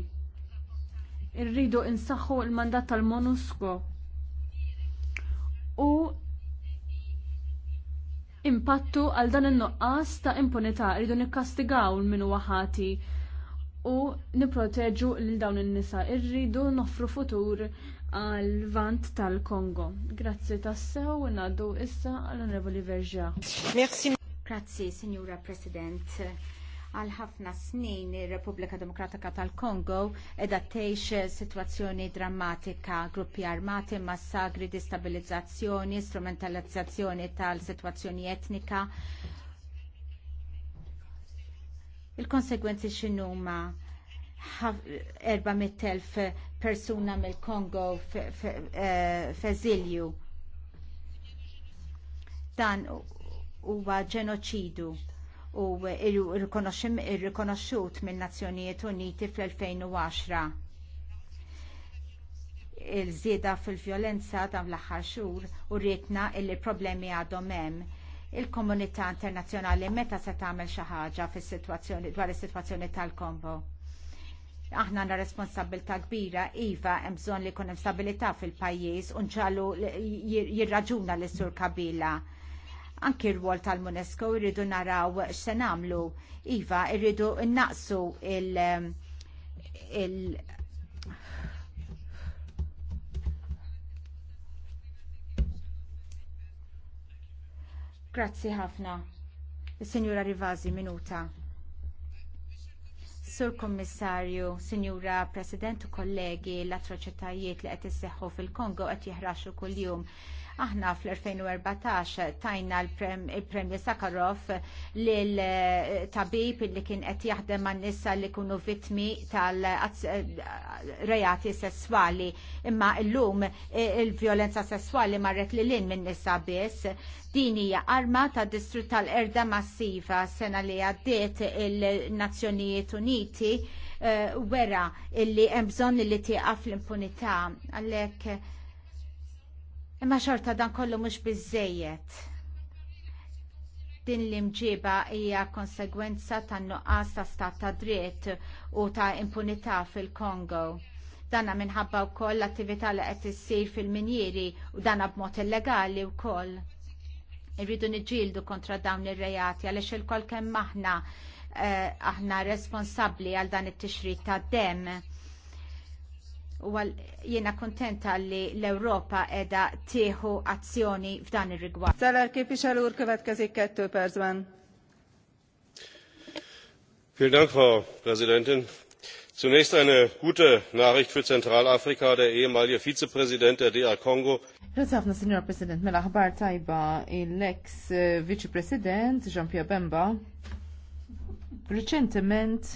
Irridu insaħħu l-mandat tal-MONUSCO u impattu għal dan in-nuqqas ta' impunità rridu nikkastigaw minn waħati u nipproteġu lil dawn in-nisa. Irridu noffru futur għal vant tal-Kongo. Grazzi tassew, naddu issa għal-Onorevoli Verġa. Merci. Grazzi, Signora President għal ħafna snin ir-Repubblika Demokratika tal-Kongo edha tgħix sitwazzjoni drammatika, gruppi armati, massagri, distabilizzazzjoni, strumentalizzazzjoni tal-sitwazzjoni etnika. Il-konsegwenzi x'inhuma? 400.000 persuna mill-Kongo fezilju. Eh, dan huwa ġenoċidu u irrikonoxxut mill-Nazzjonijiet Uniti fl-2010. Il-żieda fil-vjolenza dan l-aħħar xhur u rietna li problemi għadhom hemm il-komunità internazzjonali meta se tagħmel xi ħaġa fis-sitwazzjoni dwar is-sitwazzjoni tal-Kongo aħna għanna responsabilta kbira, Iva, hemm bżonn li jkun hemm stabilità fil-pajjiż u nċalu jirraġuna li sur Kabila. Anki r-wol tal munesko irridu naraw x'se nagħmlu. Iva, irridu nnaqsu il- il Grazzi ħafna. Signora Rivasi, minuta. Sur Kommissarju, Sinjura President u kollegi, l-atroċitajiet li qed isseħħu fil-Kongo qed jeħraxu kuljum. Aħna fl-2014 tajna il-premju Sakharov lil eh, tabib li kien qed jaħdem man nisa li kunu vittmi tal-rejati eh, sessuali. Imma illum eh, il-vjolenza sessuali marret li lin minn nisa biss. Din hija arma ta' distru tal-erda massiva sena li għaddiet il-Nazzjonijiet Uniti wera illi hemm bżonn li tieqaf l-impunità. Għalhekk Imma xorta dan kollu mhux biżejjed. Din l-imġiba hija konsegwenza tan nuqqas ta' stat ta' dritt u ta' impunità fil-Kongo danna minħabba u koll l-attività li qed issir fil-minjeri u danna b'mod illegali u koll. Irridu niġildu kontra dawn ir-rejati għaliex il kol kemm aħna eh, aħna responsabbli għal dan it-tixrid ta' dem U jiena kontenta li l-Europa edha tieħu azzjoni f'dan ir-rigward. Sala képviselő úr következik kettő perżman? Vielen Dank, Frau Präsidentin. Zunächst eine gute Nachricht für Zentralafrika, der ehemalige Vizepräsident der DR Kongo. Rizafna, Signor Präsident, mela ħbar tajba il-ex eh, Vizepräsident Jean-Pierre Bemba recentement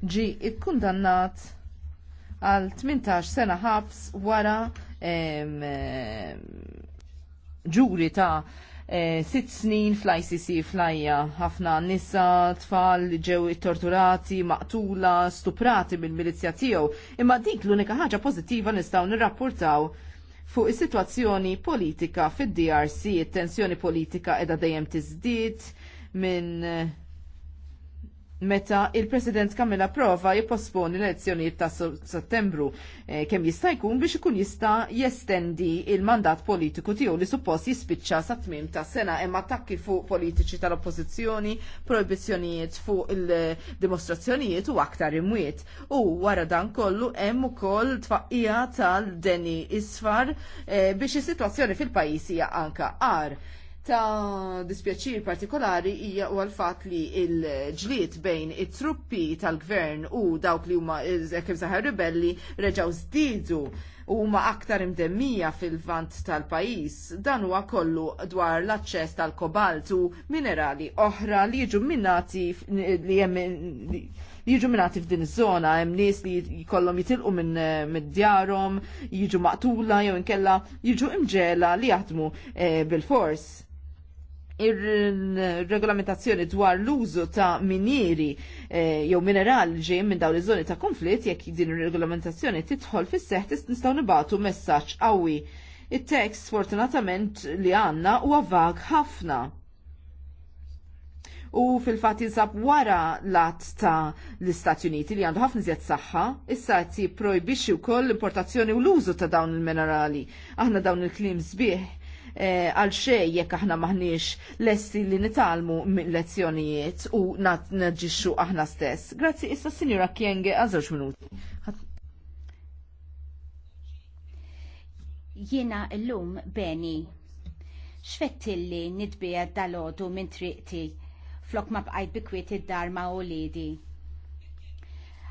ġi ikkundannat għal 18 sena ħabs wara ġuri ta' eh, sitt snin fl-ICC flajja ħafna nisa, tfal ġew torturati, maqtula, stuprati mill-milizja tiegħu. Imma dik l-unika ħaġa pozittiva nistgħu nirrapportaw fuq is-sitwazzjoni politika fid-DRC, it-tensjoni politika qiegħda dejjem tiżdied minn eh, meta il-President Kamela prova jipospon l-elezzjonijiet ta' settembru eh, kemm jista' jkun biex ikun jista' jestendi il-mandat politiku tiegħu li suppost jispiċċa sa tmiem ta' sena imma attakki fuq politiċi tal-oppożizzjoni, proibizzjonijiet fuq il-dimostrazzjonijiet u aktar imwiet. U wara dan kollu hemm ukoll tfaqqija tal-deni isfar eh, biex is-sitwazzjoni fil-pajjiż hija anka qar ta' dispjaċir partikolari hija u għal-fat li il-ġliet bejn it-truppi tal-gvern u dawk li huma kif saħar ribelli reġaw żdiedu u huma aktar imdemmija fil-vant tal-pajis. Dan huwa kollu dwar l-aċċess tal-kobalt u minerali oħra li jiġu minnati li hemm jiġu minnati f'din iż-żona, hemm nies li jkollhom jitilqu minn djarhom jiġu maqtula jew inkella jiġu imġela li jaħdmu eh, bil-fors ir-regolamentazzjoni dwar l-użu ta' minieri eh, jew mineral ġej minn dawn iż-żoni ta' konflitt jekk din ir-regolamentazzjoni tidħol fis-seħ nistgħu nibagħtu messaġġ qawwi. it text fortunatament li għandna huwa vag ħafna u fil-fat jinsab wara lat ta' l-Istati Uniti li għandu ħafna zjed saħħa, issa qed jipprojbixxi wkoll l-importazzjoni u l-użu ta' dawn il-minerali. Aħna dawn il-klim sbieħ Eh, għal xej jekk aħna maħniex lessi li nitalmu lezzjonijiet u naġġixxu aħna stess. Grazzi issa Sinjura Kienge żewġ minuti. Jiena l-lum beni xfettilli nidbija dal-ħodu minn triqti flok ma bqajt bikwiet id-dar ma' u lidi.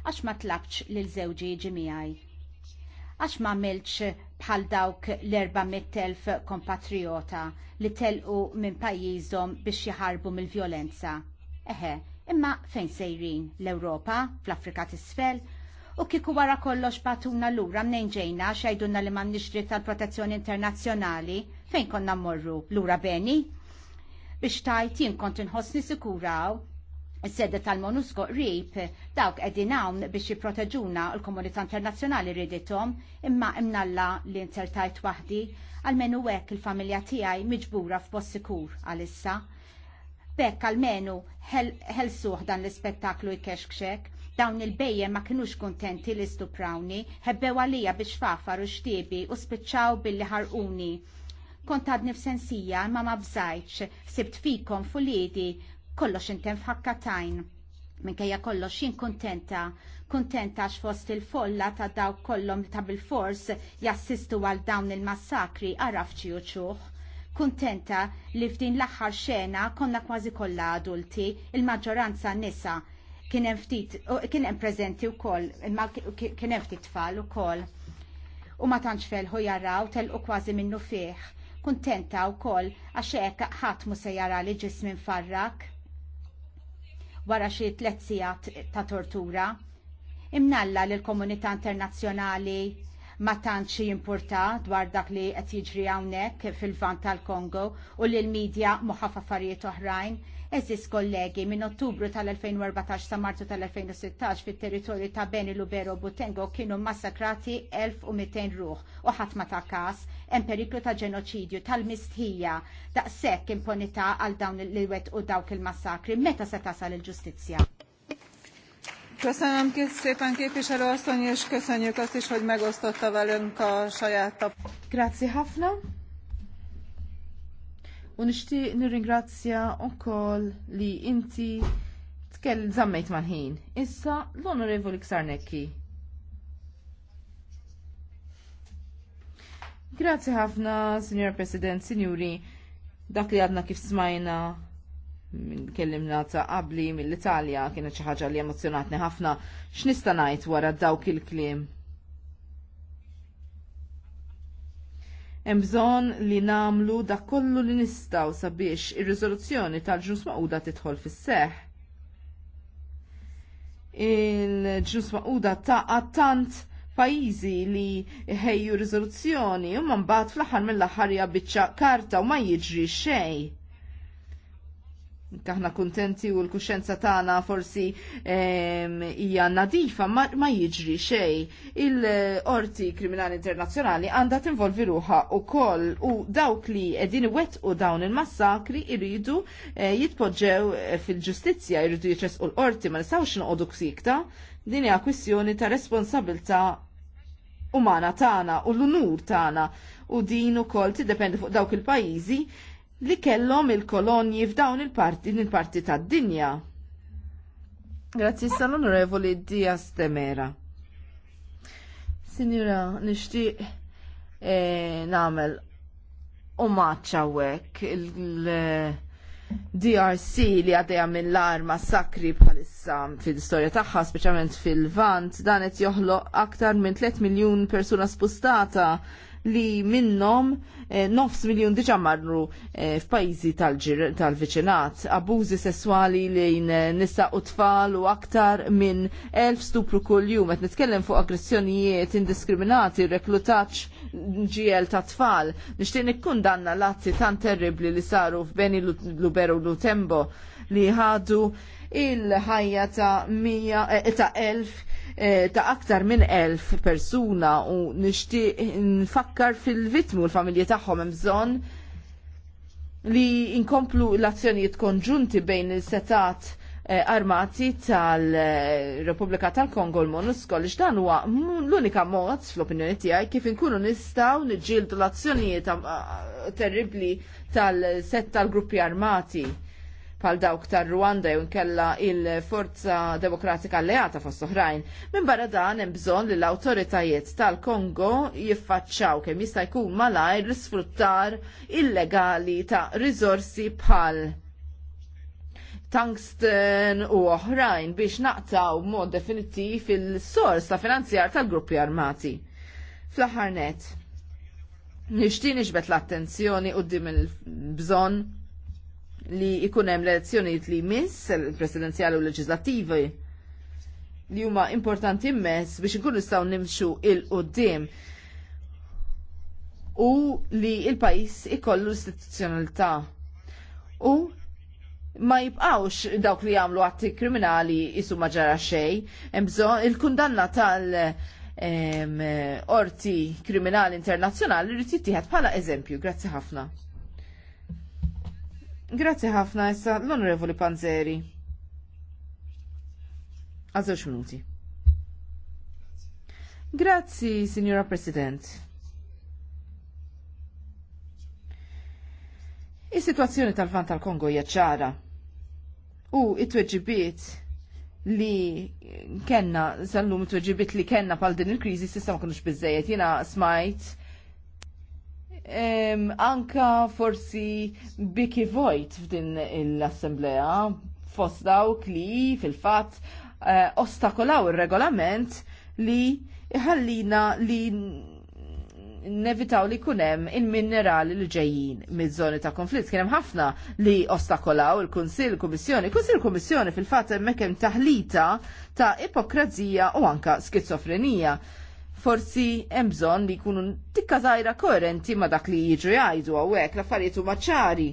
Għax ma tlabċ lil żewġi ġimijaj għax ma għamilx bħal dawk l-400.000 kompatriota li telqu minn pajjiżhom biex jaħarbu mill-vjolenza. Eħe, imma fejn sejrin l-Ewropa, fl-Afrika tisfel, u kiku wara kollox patuna lura mnejn ġejna xajdunna li man dritt tal-protezzjoni internazzjonali fejn konna mmorru lura beni? Biex tajt jien kont inħossni sikuraw is sedda tal monusco rib dawk qegħdin hawn biex jipproteġuna l-komunità internazzjonali rridithom, imma imnalla li insertajt waħdi għalmenu hekk il-familja tiegħi miġbura f'post sikur għalissa. Bekk għalmenu ħelsuħ dan l-ispettaklu jkexkxek dawn il-bejje ma kinux kontenti li stuprawni, ħebbew għalija biex fafar u xtiebi u spiċċaw billi ħarquni. Kont nifsensija ma ma bżajċ, sibt fikom fulidi kollox intem f'ħakkatajn. Minkejja kollox jien kontenta, kontenta għax fost il-folla ta' daw kollom ta' bil-fors jassistu għal dawn il-massakri għarafċi uċuħ. Kontenta kuntenta li f'din l-aħħar xena konna kważi kollha adulti, il-maġġoranza nisa kien hemm preżenti wkoll, imma kien hemm ftit tfal ukoll. U ma tantx felħu jaraw telqu kważi minnu fih. Kuntenta wkoll għax hekk ħadd mu se jara li ġismin farrak wara xi tliet sigħat ta' tortura. Imnalla li l-komunità internazzjonali ma tantx jimpurta dwar dak li qed jiġri hawnhekk fil-vant tal-Kongo u li l midja moħħaf affarijiet oħrajn. Eżis kollegi, minn Ottubru tal-2014 sa Marzu tal-2016 fit-territorju ta' Beni Lubero Butengo kienu massakrati 1200 ruħ u ħadd ma ta' każ hemm periklu ta' ġenoċidju tal-mistħija daqshekk impunità għal dawn li u dawk il-massakri meta se tasal il-ġustizzja. Köszönöm szépen képviselő asszony, és köszönjük azt is, hogy megosztotta velünk a saját tap. Grazie ħafna. U nixtieq nirringrazzja wkoll li inti tkell zammejt mal-ħin. Issa l-Onorevoli Ksarnekki. Grazzi ħafna, Signor President, Signori, dak li għadna kif smajna kellimna ta' qabli mill-Italja kienet xi ħaġa li emozjonatni ħafna x'nista' ngħid wara dawk il-kliem. Hemm bżonn li nagħmlu dak kollu li nistgħu sabiex ir-riżoluzzjoni tal-ġnus maquda tidħol fis-seħħ. Il-ġnus maquda ta' tant pajjiżi li ħejju riżoluzzjoni u man bat fl-aħħar mill-aħħar biċċa karta u ma jiġri xejn. Aħna kuntenti u l-kuxenza tagħna forsi hija nadifa ma jiġri xejn. Il-Qorti Kriminali Internazzjonali għandha tinvolvi u ukoll u dawk li qegħdin iwettqu dawn il-massakri jridu eh, jitpoġġew eh, fil-ġustizzja jridu jiċesqu l-qorti ma nistgħux noqogħdu ksikta. Din hija kwistjoni ta' responsabilità umana tagħna u l-unur tagħna u din ukoll tiddependi fuq dawk il-pajjiżi li kellhom il-kolonji f'dawn il-parti il-parti tad-dinja. Grazie sal-Onorevoli Signora, nishti eh, nixtieq omaċa nagħmel u maċċawek il- DRC li għadeja l-arma sakri bħalissa fil-istoria tagħha, speċjalment fil-Vant, danet joħloq aktar minn 3 miljun persuna spustata li minnom eh, nofs miljon diġa marru eh, f'pajzi tal-viċinat, abużi sessuali lejn eh, nisa u tfal u aktar minn elf stupru kull-jum, et nitkellem fuq aggressjonijiet indiskriminati, reklutaċ ġiel ta' tfal, nishtiq nikkundanna l lazzi tan terribli li saru f'Beni Luberu Lutembo li ħadu il-ħajja ta' 100 ta' elf Eh, ta' aktar minn elf persuna u nixtieq nfakkar fil-vitmu l-familji tagħhom hemm li inkomplu l-azzjonijiet konġunti bejn il-setat eh, armati tal-Repubblika tal-Kongo l-Monusco li x'dan huwa l-unika mod fl-opinjoni tiegħi kif inkunu nistgħu niġġieldu l-azzjonijiet eh, terribli tal-set tal-gruppi armati pal dawk tar Rwanda jew nkella il-Forza Demokratika Alleata fost oħrajn. Minn barra dan hemm bżonn li l-awtoritajiet tal-Kongo jiffaċċaw kemm jista' jkun malajr risfruttar illegali ta' riżorsi bħal tungsten u oħrajn biex naqtaw mod definittiv il-sors ta' finanzjar tal-gruppi armati. Fl-aħħar net, nixtieq l-attenzjoni u il-bżonn li ikunem l-elezzjoniet li jmiss il-presidenzjali u leġislativi li huma importanti mmess biex nkunu nistgħu nimxu il-qudiem u li il-pajis ikollu l-istituzzjonalità u ma jibqawx dawk li jagħmlu atti kriminali isu ma ġara xejn, hemm bżonn il-kundanna tal orti kriminali internazzjonali rrid jittieħed bħala eżempju. Grazzi ħafna. Grazzi ħafna issa l-Onorevoli Panzeri. Għazewx minuti. Grazzi, Signora President. Is-sitwazzjoni tal-fan tal-Kongo hija ċara. U it-tweġibiet li kenna, sallum it-tweġibiet li kenna pal din il-kriżi s'issa ma kinux bizzejet, Jiena smajt anka forsi Biki Vojt f'din l-Assemblea fost dawk li fil-fatt uh, eh, ostakolaw il-regolament li ħallina li nevitaw li kunem il-minerali li ġejjin mid-żoni ta' konflitt. Kienem ħafna li ostakolaw il-Kunsil, il-Kummissjoni. Kunsil, il-Kummissjoni fil-fatt mekem hemm taħlita ta' ipokrazija u anka skizofrenija forsi hemm bżonn li jkunu tikka żgħira koerenti ma dak li jiġu jgħidu għawek l-affarijiet huma ċari.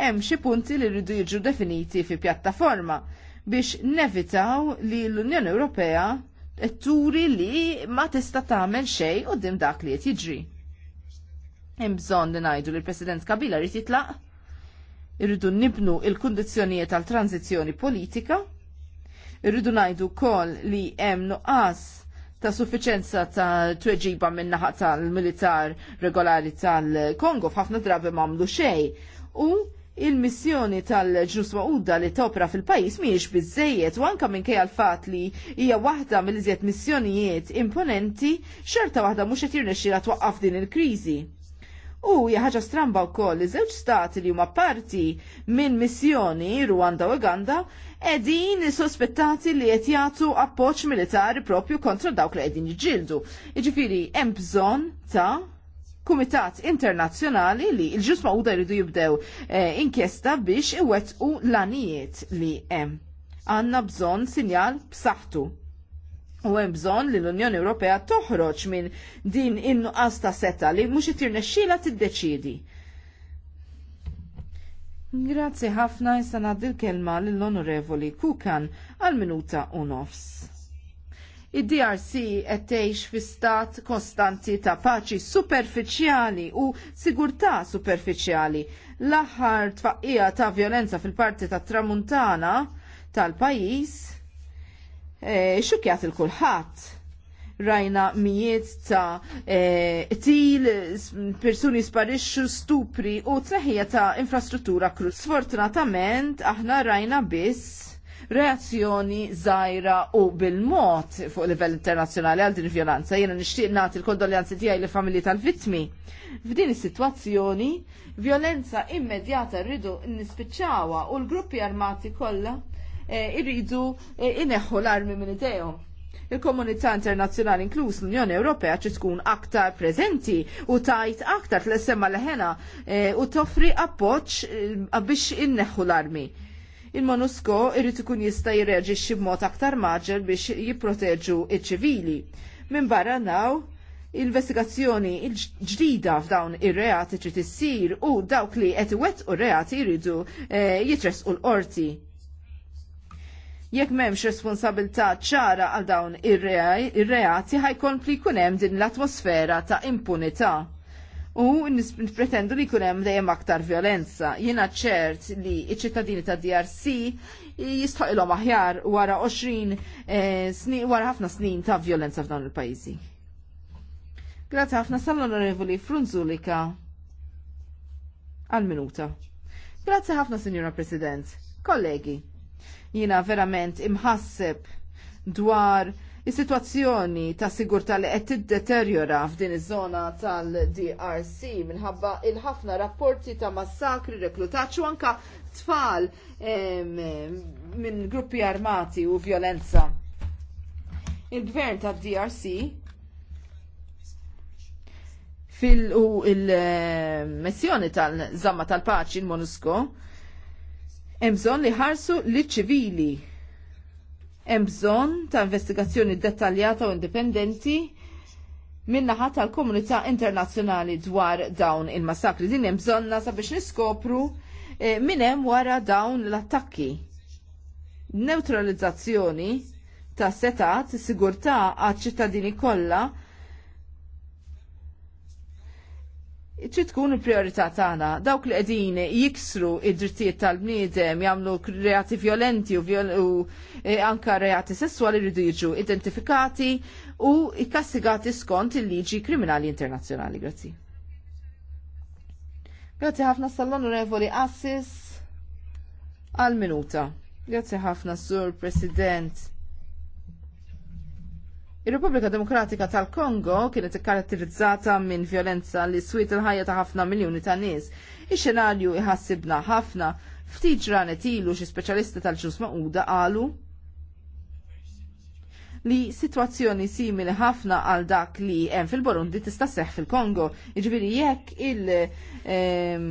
Hemm xi punti li rridu jiġu definiti fi pjattaforma biex nevitaw li l-Unjoni Ewropea turi li ma tista' tagħmel xejn dim dak li qed jiġri. Hemm bżonn li ngħidu li l-President Kabila rrid jitlaq irridu nibnu il-kundizzjonijiet tal-tranzizzjoni politika, irridu ngħidu wkoll li hemm nuqqas ta' suffiċenza ta' tweġiba minn naħa tal-militar regolari tal-Kongo f'ħafna drabi mamlu xej. U il-missjoni tal-ġnus ma'uda li topra fil-pajis miex bizzejiet u anka minn kej għal-fat li hija waħda mill-iżjed missjonijiet imponenti xerta waħda mhux qed jirnexxira twaqqaf din il-kriżi. U ħaġa stramba wkoll li żewġ stati li huma parti minn missjoni Rwanda u Uganda edin sospettati li qed jagħtu appoġġ militari propju kontra dawk li qegħdin jiġġieldu. Jiġifieri hemm bżonn ta' Kumitat Internazzjonali li l-ġus mawda jridu jibdew eh, inkjesta biex iwettqu l-anijiet li hemm. Għanna bżonn sinjal b'saħħtu U hemm bżonn li l-Unjoni Ewropea toħroġ minn din in-nuqqas ta' seta li mhux itirnexxiela tiddeċiedi. Grazzi ħafna jista' ngħaddi l-kelma lill-Onorevoli Kukan għal minuta u nofs. Id-DRC qed tgħix fi stat kostanti ta' paċi superfiċjali u sigurtà superfiċjali. L-aħħar tfaqqija ta' violenza fil-parti tat tramuntana tal-pajjiż eh, xukjat il-kulħadd rajna mijiet ta' e, til, persuni sparixxu, stupri u tneħħija ta' infrastruttura kru. Sfortunatament, aħna rajna biss reazzjoni zaħira u bil-mod fuq livell internazzjonali għal din violanza. Jena nixtieq nagħti l-kondoljanzi tiegħi li familji tal-vittmi. F'din is-sitwazzjoni, violenza immedjata rridu nispiċċawha u l-gruppi armati kollha eh, irridu eh, ineħħu l-armi minn idejhom il-komunità internazzjonali inkluż l-Unjoni Ewropea ċi tkun aktar preżenti u tajt aktar tl-essemma leħena eh, u toffri appoġġ eh, biex inneħħu l-armi. Il-Monusco irrid ikun jista' jirreġixxi b'mod aktar maġel biex jipproteġu iċ-ċivili. Minn barra naw, investigazzjoni ġdida f'dawn ir-reati ċi tissir u dawk li qed iwettqu reati jridu eh, jitressqu l-qorti jekk m'hemmx responsabilità ċara għal dawn ir-reati ħajkompli jkun hemm din l-atmosfera ta' impunità. U nispretendu li jkun hemm dejjem aktar violenza. Jiena ċert li ċ-ċittadini ta' DRC jistħoqilhom aħjar wara 20 eh, snin wara ħafna snin ta' violenza f'dawn il-pajjiżi. Grazie ħafna sal-Onorevoli Frunzulika għal-minuta. Grazie ħafna, Signora President. Kollegi, Jina verament imħasseb dwar Is-sitwazzjoni ta' sigurtà li qed tiddeterjora f'din iż-żona tal-DRC minħabba il-ħafna rapporti ta' massakri, reklutaċ u anka tfal minn gruppi armati u vjolenza. Il-gvern tad DRC fil-u il-missjoni tal-zamma tal-paċi, il Hemm bżonn li ħarsu li ċivili. Hemm bżonn ta' investigazzjoni dettaljata u indipendenti minnaħat tal-komunità internazzjonali dwar dawn il-massakri. Din hemm nasa sabiex niskopru e, hemm wara dawn l-attakki. Neutralizzazzjoni ta' setat sigurtà għad ċittadini kollha trid tkun il-priorità tagħna dawk li qegħdin jiksru id-drittijiet tal-bniedem jagħmlu reati violenti u, e, anka reati sessuali rridu jiġu identifikati u ikkassigati skont il-liġi kriminali internazzjonali. Grazzi. Grazzi ħafna sall-onorevoli Assis għal-minuta. Grazzi ħafna, Sur President il repubblika Demokratika tal-Kongo kienet ikkaratterizzata minn violenza li swit il-ħajja ta' ħafna miljuni ta' nies. Ix-xenarju iħassibna ħafna ftit ġranet ilu xi speċjalisti tal-ġus maquda qalu li situazzjoni simili ħafna għal dak li hemm fil-Burundi tista' seħħ fil-Kongo. Jiġifieri jekk il- ehm,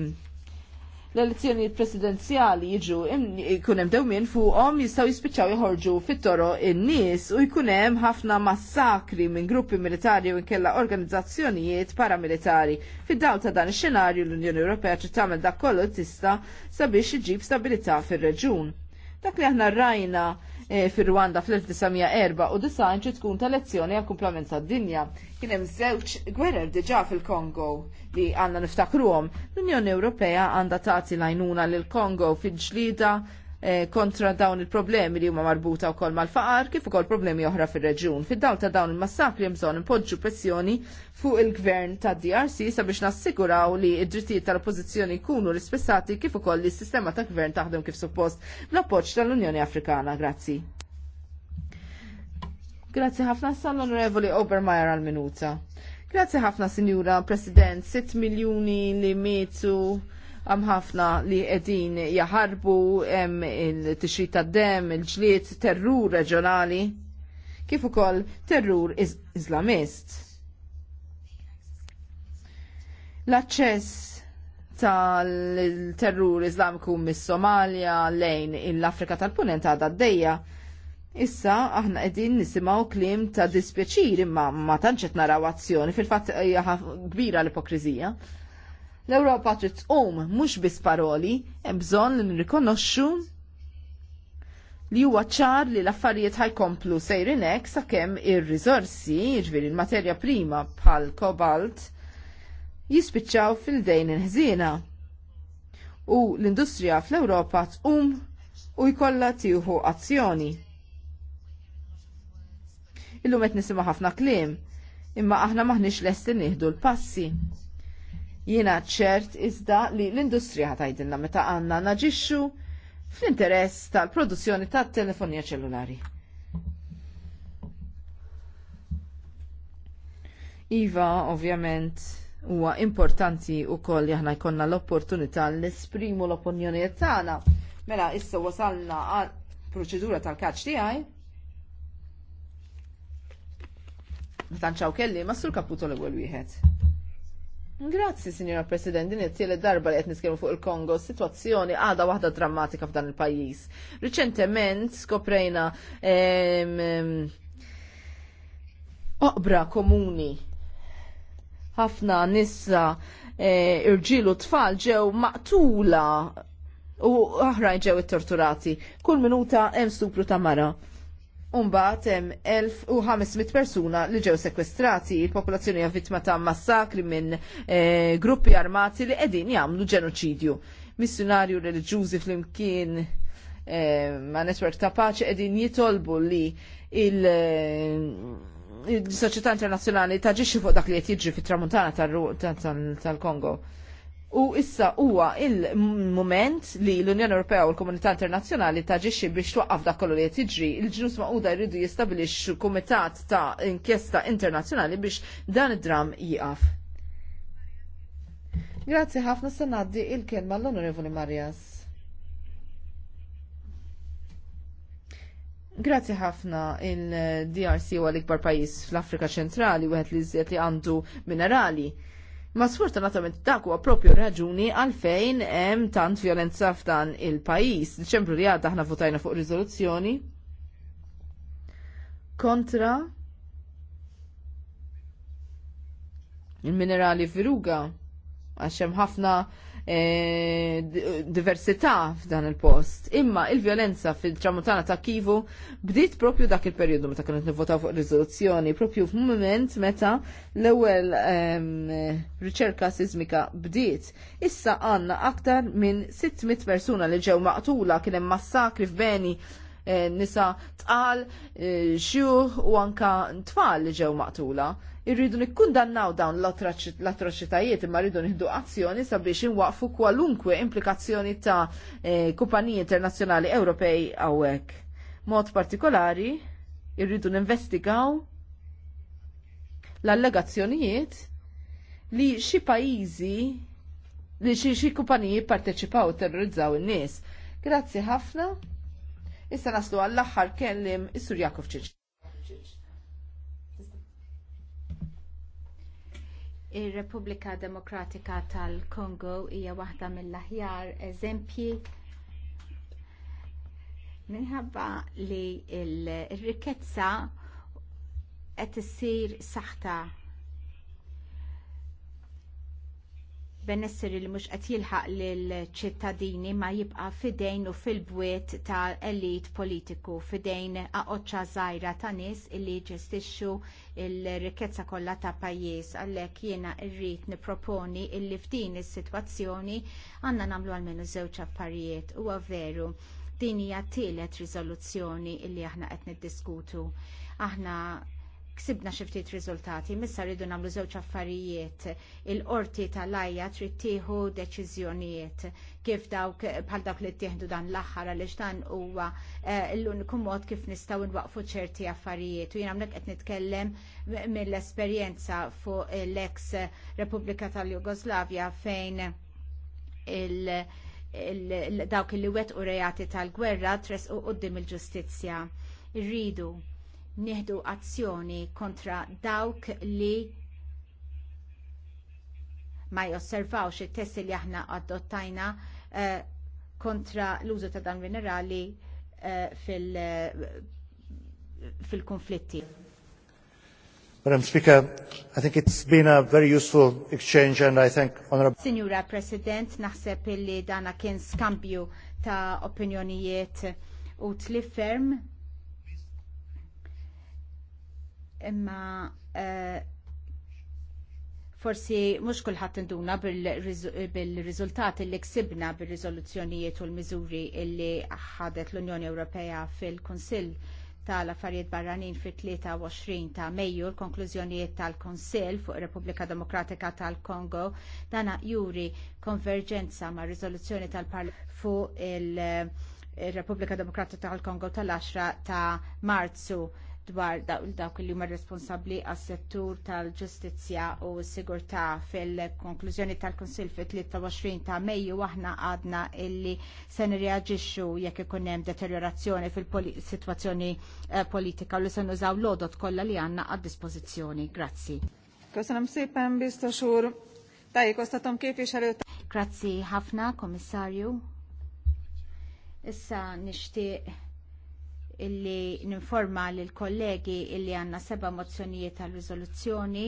l-elezzjonijiet presidenzjali jiġu jkun hemm dewmien fuqhom jistgħu jispiċċaw joħorġu fit-toro in-nies u jkun hemm ħafna massakri minn gruppi militari u nkella organizzazzjonijiet paramilitari. Fid-dawl ta' dan ix-xenarju l-Unjoni Ewropea trid tagħmel dak kollu tista' sabiex iġib stabilità fir-reġun. Dak li aħna rajna Eh, fir-Rwanda fl-1904 u disajn ċi tkun tal lezzjoni għal kumplament tad dinja. Kien hemm żewġ gwerer diġà fil-Kongo li għandna niftakruhom. L-Unjoni Ewropea għandha tagħti lajnuna lil Kongo fil-ġlida Eh, kontra dawn il-problemi li huma marbuta wkoll mal-faqar kif ukoll problemi oħra fir-reġjun. Fid-dawl ta' dawn il-massakri hemm bżonn impoġġu pressjoni fuq il-gvern tad DRC sabiex nassiguraw li id-drittijiet tal-oppożizzjoni jkunu rispessati kif ukoll li s-sistema ta' gvern taħdem kif suppost bl-appoġġ tal-Unjoni Afrikana. Grazzi. Grazzi ħafna sal-Onorevoli Obermeyer għal-minuta. Grazzi ħafna, Sinjura President, 6 miljuni li mietu Għam ħafna li qegħdin jaħarbu hemm il-tixrid tad-dem, il-ġlied, terrur reġjonali, kif ukoll terrur izlamist. L-aċċess tal-terrur islamiku mis somalia lejn l-Afrika tal-Punent għadha d-dejja. Issa aħna qegħdin nisimgħu klim ta' dispjaċir imma ma tantx qed naraw azzjoni fil-fatt kbira l-ipokriżija. L-Ewropa trid tqum mhux biss paroli, hemm bżonn li nirrikonoxxu li huwa ċar li l-affarijiet ħajkomplu sejrin hekk sakemm ir-riżorsi, jiġifieri l-materja prima bħal kobalt, jispiċċaw fil-dejn inħżiena. U l-industrija fl-Ewropa tqum u jkollha tieħu azzjoni. Illum qed nisimgħu ħafna kliem, imma aħna maħniex lesti nieħdu l-passi. Jiena ċert iżda li l-industrija ħatajdilna meta għandna naġixxu fl-interess tal-produzzjoni tat-telefonija ċellulari. Iva, ovvjament, huwa importanti wkoll li aħna jkollna l-opportunità li esprimu l-opinjonijiet tagħna. Mela issa wasalna għal proċedura tal-kaċ tiegħi. Tanċaw kelli, ma sur kaputo l-ewwel wieħed. Grazzi, Signora President, din it-tielet darba li qed nitkellmu fuq il-Kongo, situazzjoni għada waħda drammatika f'dan il-pajjiż. Riċentement skoprejna oqbra komuni ħafna nissa e, irġilu tfal ġew maqtula u oħrajn ġew it-torturati. Kull minuta hemm stupru ta' mara. Umbat hemm 1500 persuna li ġew sekwestrati, il-popolazzjoni hija vittma ta' massakri minn eh, gruppi armati li qegħdin jagħmlu ġenoċidju. Missjonarju reliġjużi flimkien eh, ma' netwerk ta' paċi qegħdin jitolbu li il- eh, il-soċjetà internazzjonali taġixxi fuq dak li qed jiġri fit-tramuntana tal-Kongo. tal kongo U issa huwa il-moment li l-Unjoni Ewropea u l-Komunità Internazzjonali taġixxi biex twaqqaf dak kollu li qed jiġri. Il-ġnus maquda jridu jistabilix kumitat ta' inkjesta internazzjonali biex dan id-dram jiqaf. Grazzi ħafna se ngħaddi il-kelma l-Onorevoli Marjas. Grazzi ħafna il-DRC huwa l-ikbar pajjiż fl-Afrika ċentrali wieħed li żjed li għandu minerali Ma sfortunatament dak huwa propju raġuni għalfejn hemm tant violenza f'dan il-pajjiż. Diċembru li għadda aħna votajna fuq riżoluzzjoni kontra il-minerali viruga għax hemm ħafna E, diversità f'dan il-post. Imma il-violenza fil-tramutana ta' Kivu bdiet propju dak il-periodu meta kienu nivvotaw fuq riżoluzzjoni, propju f'mument meta l-ewwel riċerka sismika bdiet. Issa għandna aktar minn 600 persuna li ġew maqtula kien hemm massakri f'beni e, nisa tqal, e, xjuħ u anka tfal li ġew maqtula irridu nikkundannaw dawn l-atroċitajiet imma rridu nieħdu azzjoni sabiex inwaqfu kwalunkwe implikazzjoni ta' eh, kumpaniji internazzjonali Ewropej hawnhekk. Mod partikolari irridu ninvestigaw l-allegazzjonijiet li xi pajjiżi li xi xi kumpaniji parteċipaw terrorizzaw in-nies. Grazzi ħafna. Issa naslu għall-aħħar kellim is-Sur Jakov Ċiċ. Ir-Repubblika Demokratika tal-Kongo hija waħda mill-aħjar eżempji minħabba li r rikkezza qed issir saħta benesseri li mhux qed jilħaq lill-ċittadini ma jibqa' fidejn u fil-bwiet ta' elit politiku, fidejn aqoċċa żgħira ta' nies illi ġestixxu l-rikkezza kollha ta' pajjiż għalhekk jiena rrid nipproponi illi f'din is-sitwazzjoni għandna nagħmlu għalmenu żewġ affarijiet huwa veru din hija tielet riżoluzzjoni illi aħna qed niddiskutu. Aħna ksibna xi ftit riżultati, missa rridu nagħmlu żewġ affarijiet il-qorti tal-ajja trid tieħu deċiżjonijiet kif dawk bħal dawk li ttieħdu dan l-aħħar għaliex dan huwa eh, l-uniku mod kif nistgħu nwaqfu ċerti affarijiet. U jiena hemmhekk qed nitkellem mill-esperjenza fuq l-eks Repubblika tal-Jugoslavja fejn il- dawk il-li wet u rejati tal-gwerra tresqu quddiem il-ġustizzja. Irridu nieħdu azzjoni kontra dawk li ma josservawx it-testi li aħna adottajna eh, kontra l-użu ta' dan minerali eh, fil-konflitti. Fil Madam Speaker, I think it's been a very useful exchange and I thank Honorable... Signora President, naħseb illi dana kien skambju ta' opinjonijiet u tli ferm imma eh, forsi mhux kulħadd induna bil-riżultati li ksibna bir-riżoluzzjonijiet u l-miżuri li ħadet l-Unjoni Ewropea fil-Kunsill tal-affarijiet barranin fit-23 ta' Mejju l-konklużjonijiet tal-Kunsill fuq ir-Repubblika Demokratika tal-Kongo dana juri konverġenza ma' riżoluzzjoni tal-Parlament fuq il-Repubblika Demokratika tal-Kongo tal-10 ta' Marzu dwar dawk li huma responsabbli għas settur tal-ġustizzja u s-sigurtà fil-konklużjoni tal-Kunsill fit-23 ta' Mejju aħna għadna illi se nirreaġixxu jekk ikun hemm deteriorazzjoni fil-sitwazzjoni eh, politika u li se nużaw l-odot kollha li għandna għad-dispożizzjoni. Grazzi. Grazzi ħafna, komissarju. Issa nixtieq illi ninforma lill kollegi illi għandna seba mozzjonijiet tal riżoluzzjoni